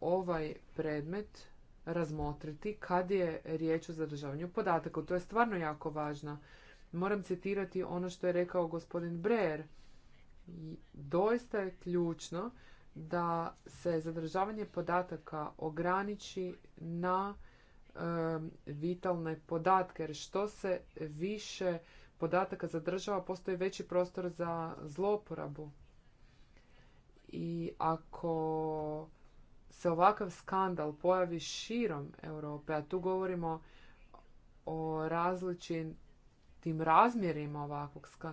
ovaj predmet razmotriti kad je riječ o zadržavanju podataka. To je stvarno jako važna Moram citirati ono što je rekao gospodin Breer. Doista je ključno da se zadržavanje podataka ograniči na e, vitalne podatke, jer što se više podataka zadržava, postoji veći prostor za zloporabu. I ako se ovakav skandal pojavi širom Europe, a tu govorimo o različitim tim razmjerima ovakvog e,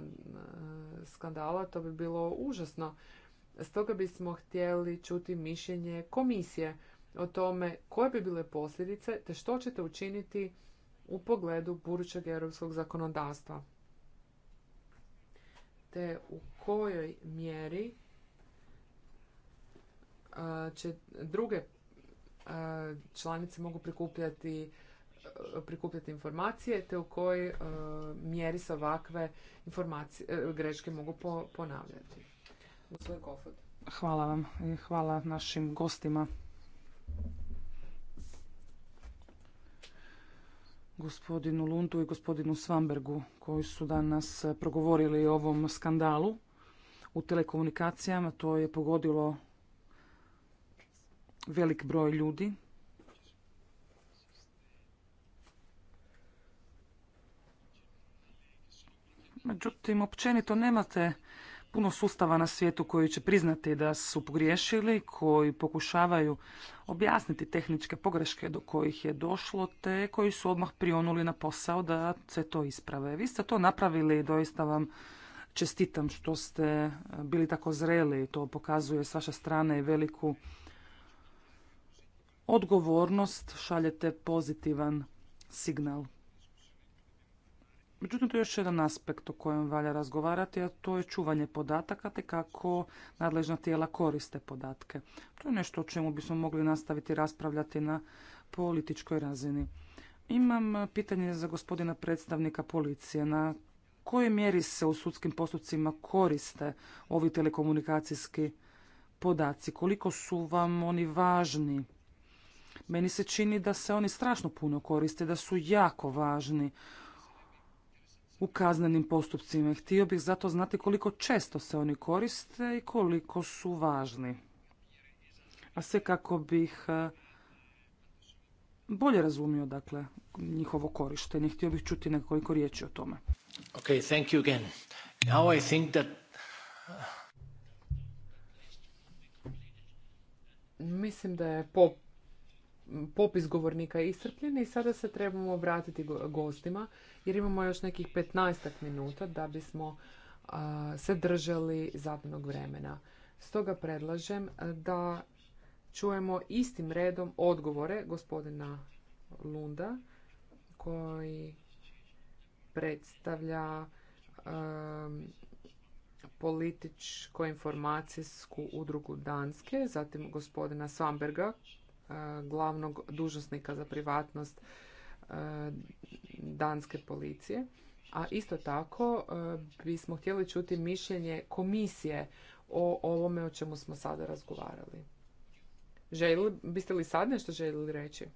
skandala, to bi bilo užasno. Stoga bismo htjeli čuti mišljenje komisije o tome koje bi bile posljedice te što ćete učiniti u pogledu budućeg europskog zakonodavstva. Te u kojoj mjeri e, će druge e, članice mogu prikupljati E, prikupljati informacije te u kojoj e, mjeri se ovakve informacije, e, greške mogu ponavljati. Hvala vam i hvala našim gostima. gospodinu Luntu i gospodinu Svambergu koji su danas progovorili o ovom skandalu u telekomunikacijama. To je pogodilo velik broj ljudi. Međutim, općenito nemate puno sustava na svijetu koji će priznati da su pogriješili, koji pokušavaju objasniti tehničke pogreške do kojih je došlo, te koji su odmah prionuli na posao da se to isprave. Vi ste to napravili i doista vam čestitam što ste bili tako zreli. To pokazuje s vaše strane i veliku odgovornost. Šaljete pozitivan signal. Međutim, tu je još jedan aspekt o kojem valja razgovarati, a to je čuvanje podataka te kako nadležna tijela koriste podatke. To je nešto o čemu bismo mogli nastaviti raspravljati na političkoj razini. Imam pitanje za gospodina predstavnika policije. Na kojoj mjeri se u sudskim postupcima koriste ovi telekomunikacijski podaci? Koliko su vam oni važni? Meni se čini da se oni strašno puno koriste, da su jako važni u kaznenim postupcima. Htio bih zato znati koliko često se oni koriste i koliko su važni. A sve kako bih e, bolje razumio dakle njihovo korištenje. Htio bih čuti nekoliko riječi o tome. thank you again. Now I think that... Mislim da je po popis govornika je iscrpljen i sada se trebamo obratiti gostima jer imamo još nekih 15 minuta da bismo se držali zadanog vremena. Stoga predlažem da čujemo istim redom odgovore gospodina Lunda koji predstavlja um, političko-informacijsku udrugu Danske, zatim gospodina Samberga E, glavnog dužnosnika za privatnost e, danske policije. A isto tako e, bismo htjeli čuti mišljenje komisije o ovome o čemu smo sada razgovarali. Željeli, biste li sad nešto željeli reći?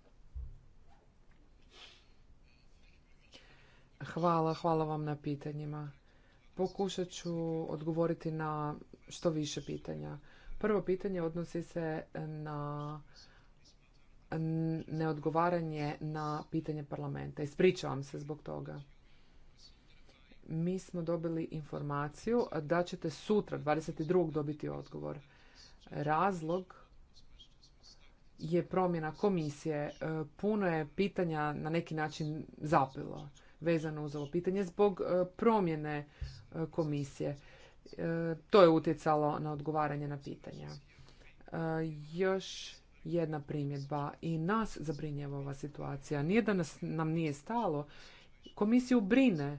Hvala, hvala vam na pitanjima. Pokušat ću odgovoriti na što više pitanja. Prvo pitanje odnosi se na neodgovaranje na pitanje parlamenta. Ispričavam se zbog toga. Mi smo dobili informaciju da ćete sutra, 22. dobiti odgovor. Razlog je promjena komisije. E, puno je pitanja na neki način zapilo vezano uz ovo pitanje zbog e, promjene e, komisije. To je utjecalo na odgovaranje na pitanja. Još jedna primjedba i nas zabrinjava ova situacija. Nije da nas, nam nije stalo. Komisiju brine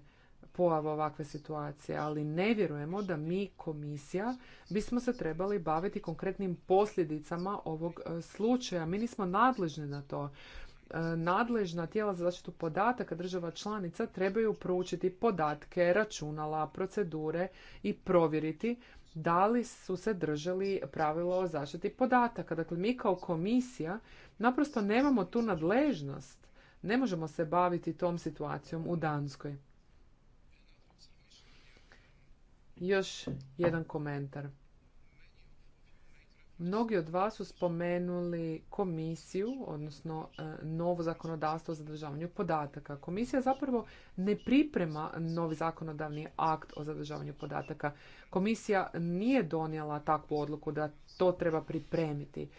pojava ovakve situacije, ali ne vjerujemo da mi, komisija, bismo se trebali baviti konkretnim posljedicama ovog e, slučaja. Mi nismo nadležni na to. E, nadležna tijela za zaštitu podataka država članica trebaju proučiti podatke, računala, procedure i provjeriti da li su se držali pravila o zaštiti podataka. Dakle, mi kao komisija naprosto nemamo tu nadležnost. Ne možemo se baviti tom situacijom u Danskoj. Još jedan komentar. Mnogi od vas su spomenuli komisiju, odnosno e, novo zakonodavstvo o zadržavanju podataka. Komisija zapravo ne priprema novi zakonodavni akt o zadržavanju podataka. Komisija nije donijela takvu odluku da to treba pripremiti. E,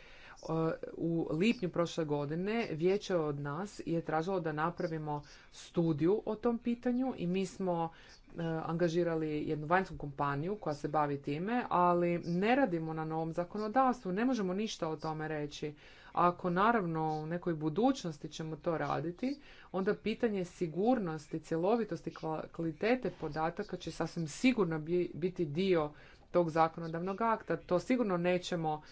u lipnju prošle godine vijeće od nas je tražilo da napravimo studiju o tom pitanju i mi smo E, angažirali jednu vanjsku kompaniju koja se bavi time, ali ne radimo na novom zakonodavstvu, ne možemo ništa o tome reći. Ako naravno u nekoj budućnosti ćemo to raditi, onda pitanje sigurnosti, cjelovitosti, kvalitete podataka će sasvim sigurno biti dio tog zakonodavnog akta. To sigurno nećemo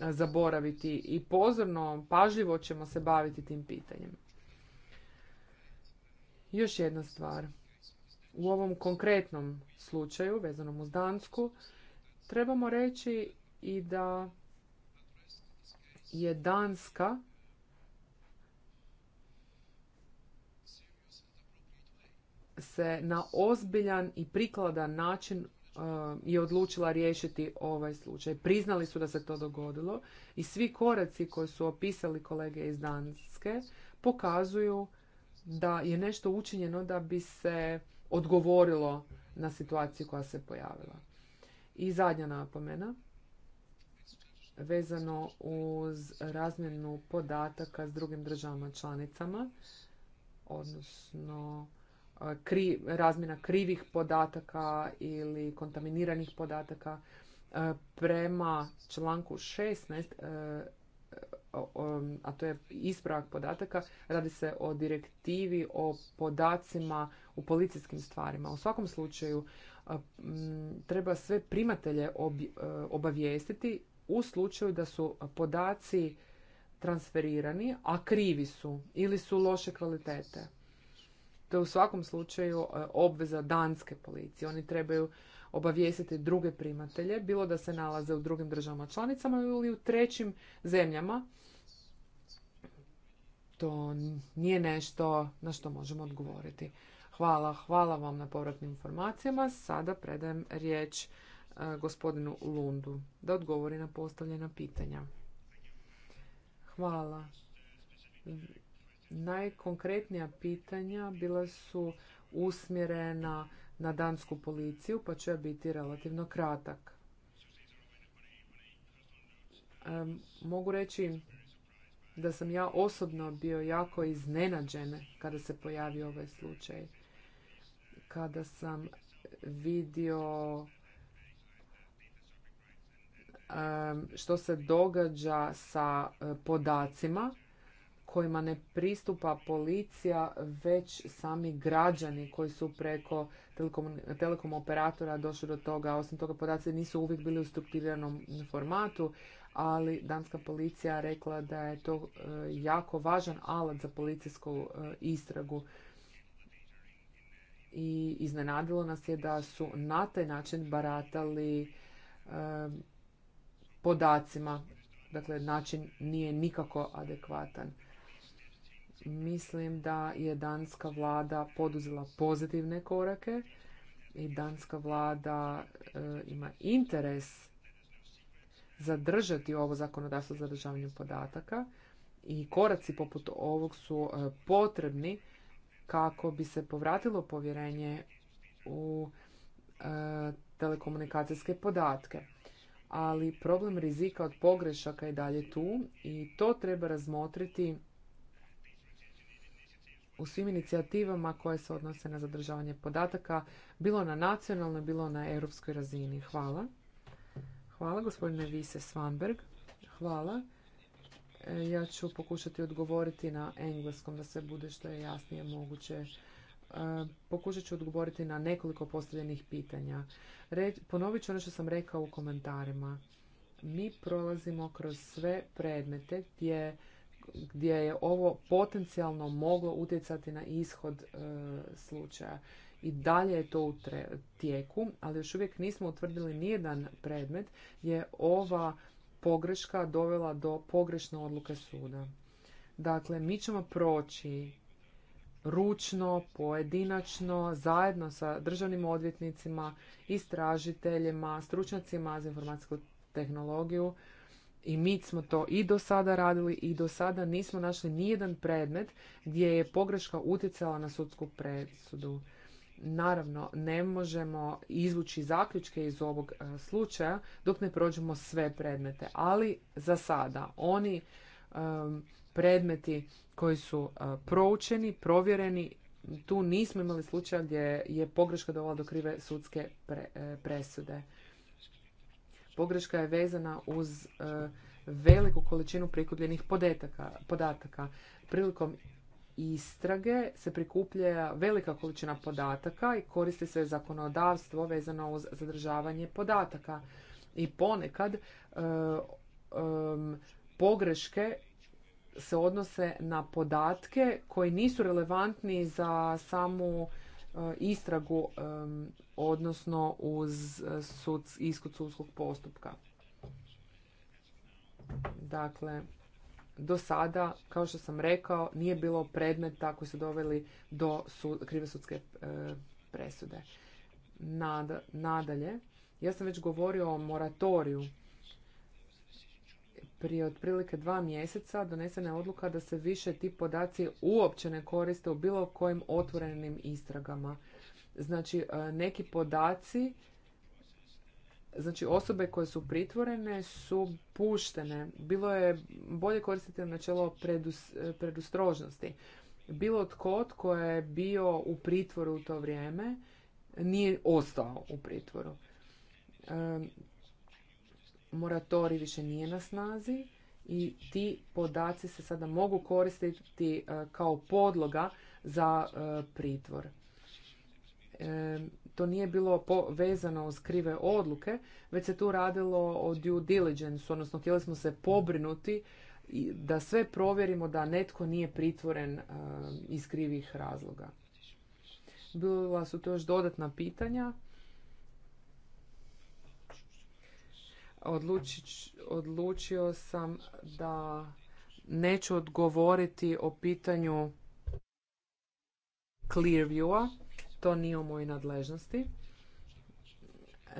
e, zaboraviti i pozorno, pažljivo ćemo se baviti tim pitanjem. Još jedna stvar u ovom konkretnom slučaju vezanom uz Dansku trebamo reći i da je Danska se na ozbiljan i prikladan način uh, je odlučila riješiti ovaj slučaj. Priznali su da se to dogodilo i svi koraci koji su opisali kolege iz Danske pokazuju da je nešto učinjeno da bi se odgovorilo na situaciju koja se pojavila. I zadnja napomena vezano uz razmjenu podataka s drugim državama članicama, odnosno e, kri, razmjena krivih podataka ili kontaminiranih podataka e, prema članku 16 a to je ispravak podataka, radi se o direktivi, o podacima, u policijskim stvarima. U svakom slučaju treba sve primatelje e, obavijestiti u slučaju da su podaci transferirani, a krivi su ili su loše kvalitete. To je u svakom slučaju e, obveza danske policije. Oni trebaju obavijestiti druge primatelje, bilo da se nalaze u drugim državama članicama ili u trećim zemljama. To nije nešto na što možemo odgovoriti. Hvala, hvala vam na povratnim informacijama. Sada predajem riječ e, gospodinu Lundu da odgovori na postavljena pitanja. Hvala. Najkonkretnija pitanja bila su usmjerena na dansku policiju, pa ću ja biti relativno kratak. mogu reći da sam ja osobno bio jako iznenađen kada se pojavio ovaj slučaj. Kada sam vidio što se događa sa eh, podacima kojima ne pristupa policija, već sami građani koji su preko telekom, telekom operatora došli do toga. Osim toga, podaci nisu uvijek bili u strukturiranom formatu, ali danska policija rekla da je to e, jako važan alat za policijsku e, istragu. I iznenadilo nas je da su na taj način baratali e, podacima. Dakle, način nije nikako adekvatan. Mislim da je danska vlada poduzela pozitivne korake i danska vlada e, ima interes zadržati ovo zakonodavstvo za državljanje podataka i koraci poput ovog su e, potrebni kako bi se povratilo povjerenje u e, telekomunikacijske podatke. Ali problem rizika od pogrešaka je dalje tu i to treba razmotriti u svim inicijativama koje se odnose na zadržavanje podataka, bilo na nacionalnoj, bilo na europskoj razini. Hvala. Hvala, gospodine Vise Svanberg. Hvala. E, ja ću pokušati odgovoriti na engleskom da se bude što je jasnije moguće. E, pokušat ću odgovoriti na nekoliko postavljenih pitanja. Ponovit ću ono što sam rekao u komentarima. Mi prolazimo kroz sve predmete gdje gdje je ovo potencijalno moglo utjecati na ishod e, slučaja. I dalje je to u tijeku, ali još uvijek nismo utvrdili nijedan predmet je ova pogreška dovela do pogrešne odluke suda. Dakle, mi ćemo proći ručno, pojedinačno, zajedno sa državnim odvjetnicima, istražiteljima, stručnjacima za informacijsku tehnologiju, i mi smo to i do sada radili i do sada nismo našli nijedan predmet gdje je pogreška utjecala na sudsku presudu. Naravno, ne možemo izvući zaključke iz ovog e, slučaja dok ne prođemo sve predmete, ali za sada oni e, predmeti koji su e, proučeni, provjereni, tu nismo imali slučaja gdje je pogreška dovela do krive sudske presude pogreška je vezana uz e, veliku količinu prikupljenih podataka. Prilikom istrage se prikuplja velika količina podataka i koristi se zakonodavstvo vezano uz zadržavanje podataka. I ponekad e, pogreške se odnose na podatke koji nisu relevantni za samu E, istragu, e, odnosno uz e, sud, iskut sudskog postupka. Dakle, do sada, kao što sam rekao, nije bilo predmeta koji su doveli do sud, presude. nadalje, ja sam već govorio o moratoriju prije otprilike dva mjeseca donesena je odluka da se više ti podaci uopće ne koriste u bilo kojim otvorenim istragama. Znači, e, neki podaci, znači osobe koje su pritvorene su puštene. Bilo je bolje koristiti načelo predus, e, Bilo tko tko je bio u pritvoru u to vrijeme nije ostao u pritvoru. E, moratorij više nije na snazi i ti podaci se sada mogu koristiti e, kao podloga za e, pritvor. E, to nije bilo vezano uz krive odluke, već se tu radilo o due diligence, odnosno htjeli smo se pobrinuti da sve provjerimo da netko nije pritvoren iz krivih razloga. Bila su to još dodatna pitanja odlučio sam da neću odgovoriti o pitanju viewa, to nije u mojoj nadležnosti.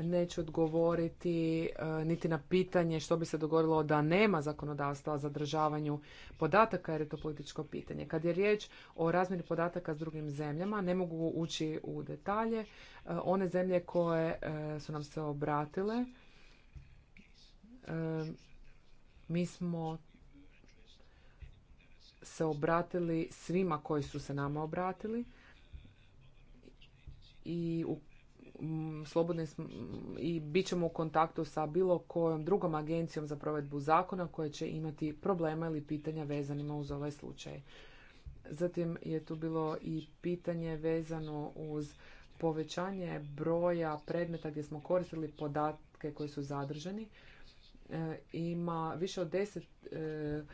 Neću odgovoriti e, niti na pitanje što bi se dogodilo da nema zakonodavstva o zadržavanju podataka jer je to političko pitanje. Kad je riječ o razmjeni podataka s drugim zemljama, ne mogu ući u detalje. E, one zemlje koje e, su nam se obratile mi smo se obratili svima koji su se nama obratili i u slobodni i bit ćemo u kontaktu sa bilo kojom drugom agencijom za provedbu zakona koje će imati problema ili pitanja vezanima uz ovaj slučaj. Zatim je tu bilo i pitanje vezano uz povećanje broja predmeta gdje smo koristili podatke koji su zadržani. E, ima više od 10.000 e,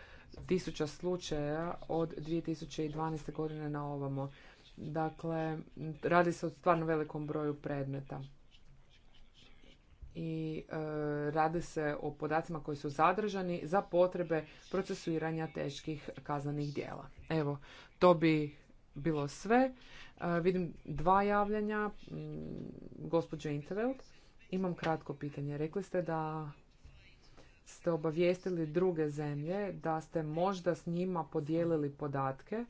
tisuća slučaja od 2012. godine na ovamo. Dakle, radi se o stvarno velikom broju predmeta. I e, radi se o podacima koji su zadržani za potrebe procesuiranja teških kaznenih djela. Evo, to bi bilo sve. E, vidim dva javljanja. Mm, Gospođo Interveld, imam kratko pitanje. Rekli ste da ste obavijestili druge zemlje da ste možda s njima podijelili podatke,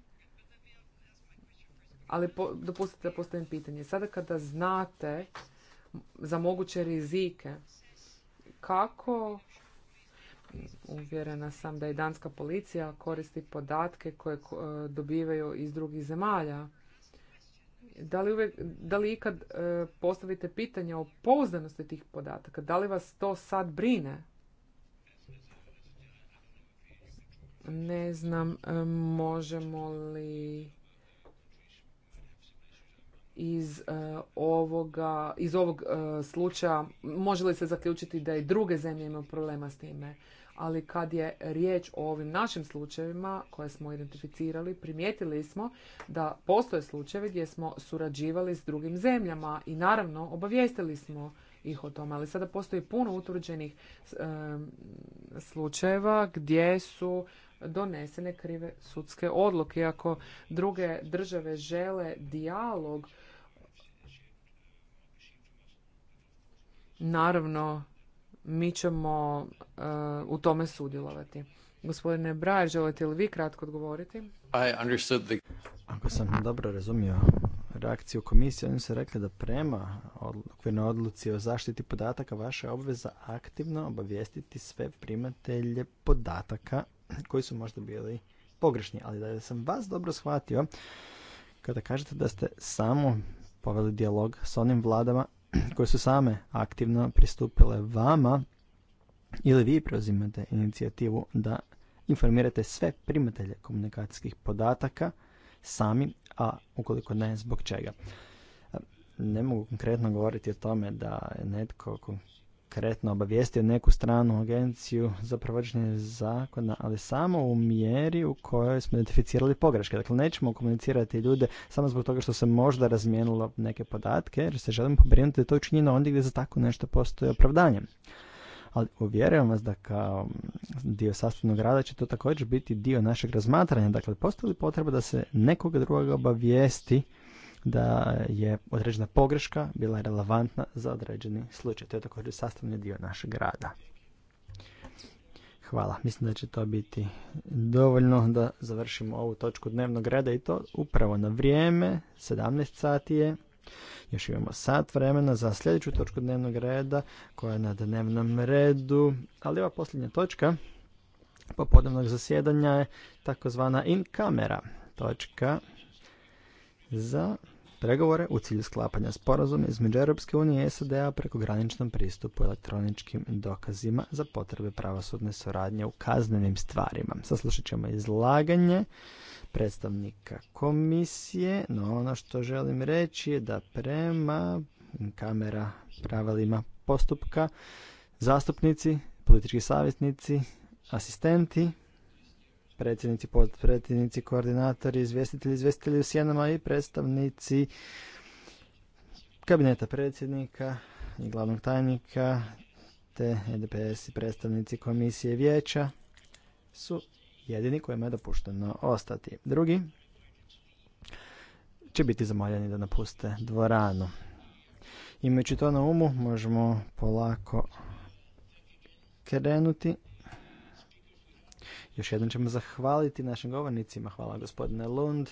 ali dopustite da postavim pitanje. Sada kada znate za moguće rizike, kako uvjerena sam da i danska policija koristi podatke koje e, dobivaju iz drugih zemalja. Da li, uvijek, da li ikad e, postavite pitanje o pouzdanosti tih podataka? Da li vas to sad brine? Ne znam e, možemo li iz e, ovoga, iz ovog e, slučaja, može li se zaključiti da i druge zemlje imaju problema s time. Ali kad je riječ o ovim našim slučajevima koje smo identificirali, primijetili smo da postoje slučajevi gdje smo surađivali s drugim zemljama i naravno obavijestili smo ih o tome. Ali sada postoji puno utvrđenih slučajeva gdje su donesene krive sudske odluke. Ako druge države žele dijalog, naravno mi ćemo uh, u tome sudjelovati. Gospodine Brajer, želite li vi kratko odgovoriti? Ako sam dobro razumio reakciju komisije, oni su rekli da prema okvirne odluci o zaštiti podataka vaša je obveza aktivno obavijestiti sve primatelje podataka koji su možda bili pogrešni. Ali da sam vas dobro shvatio, kada kažete da ste samo poveli dijalog s onim vladama koje su same aktivno pristupile vama ili vi preuzimate inicijativu da informirate sve primatelje komunikacijskih podataka sami, a ukoliko ne, zbog čega. Ne mogu konkretno govoriti o tome da netko konkretno obavijestio neku stranu agenciju za provođenje zakona, ali samo u mjeri u kojoj smo identificirali pogreške. Dakle, nećemo komunicirati ljude samo zbog toga što se možda razmijenilo neke podatke, jer se želimo pobrinuti da je to učinjeno ondje gdje za tako nešto postoji opravdanje. Ali uvjerujem vas da kao dio sastavnog rada će to također biti dio našeg razmatranja. Dakle, postoji li potreba da se nekoga drugoga obavijesti da je određena pogreška bila relevantna za određeni slučaj. To je također sastavni dio našeg rada. Hvala. Mislim da će to biti dovoljno da završimo ovu točku dnevnog reda i to upravo na vrijeme. 17 sati je. Još imamo sat vremena za sljedeću točku dnevnog reda koja je na dnevnom redu. Ali ova posljednja točka popodnevnog zasjedanja je takozvana in kamera točka za pregovore u cilju sklapanja sporazuma između Europske unije i SAD-a preko graničnom pristupu elektroničkim dokazima za potrebe pravosudne suradnje u kaznenim stvarima. Saslušat ćemo izlaganje predstavnika komisije, no ono što želim reći je da prema kamera pravilima postupka zastupnici, politički savjetnici, asistenti predsjednici, podpredsjednici, koordinatori, izvjestitelji, izvjestitelji u sjenama i predstavnici kabineta predsjednika i glavnog tajnika te EDPS i predstavnici komisije vijeća su jedini kojima je dopušteno ostati. Drugi će biti zamoljeni da napuste dvoranu. Imajući to na umu možemo polako krenuti. Još jednom ćemo zahvaliti našim govornicima. Hvala gospodine Lund.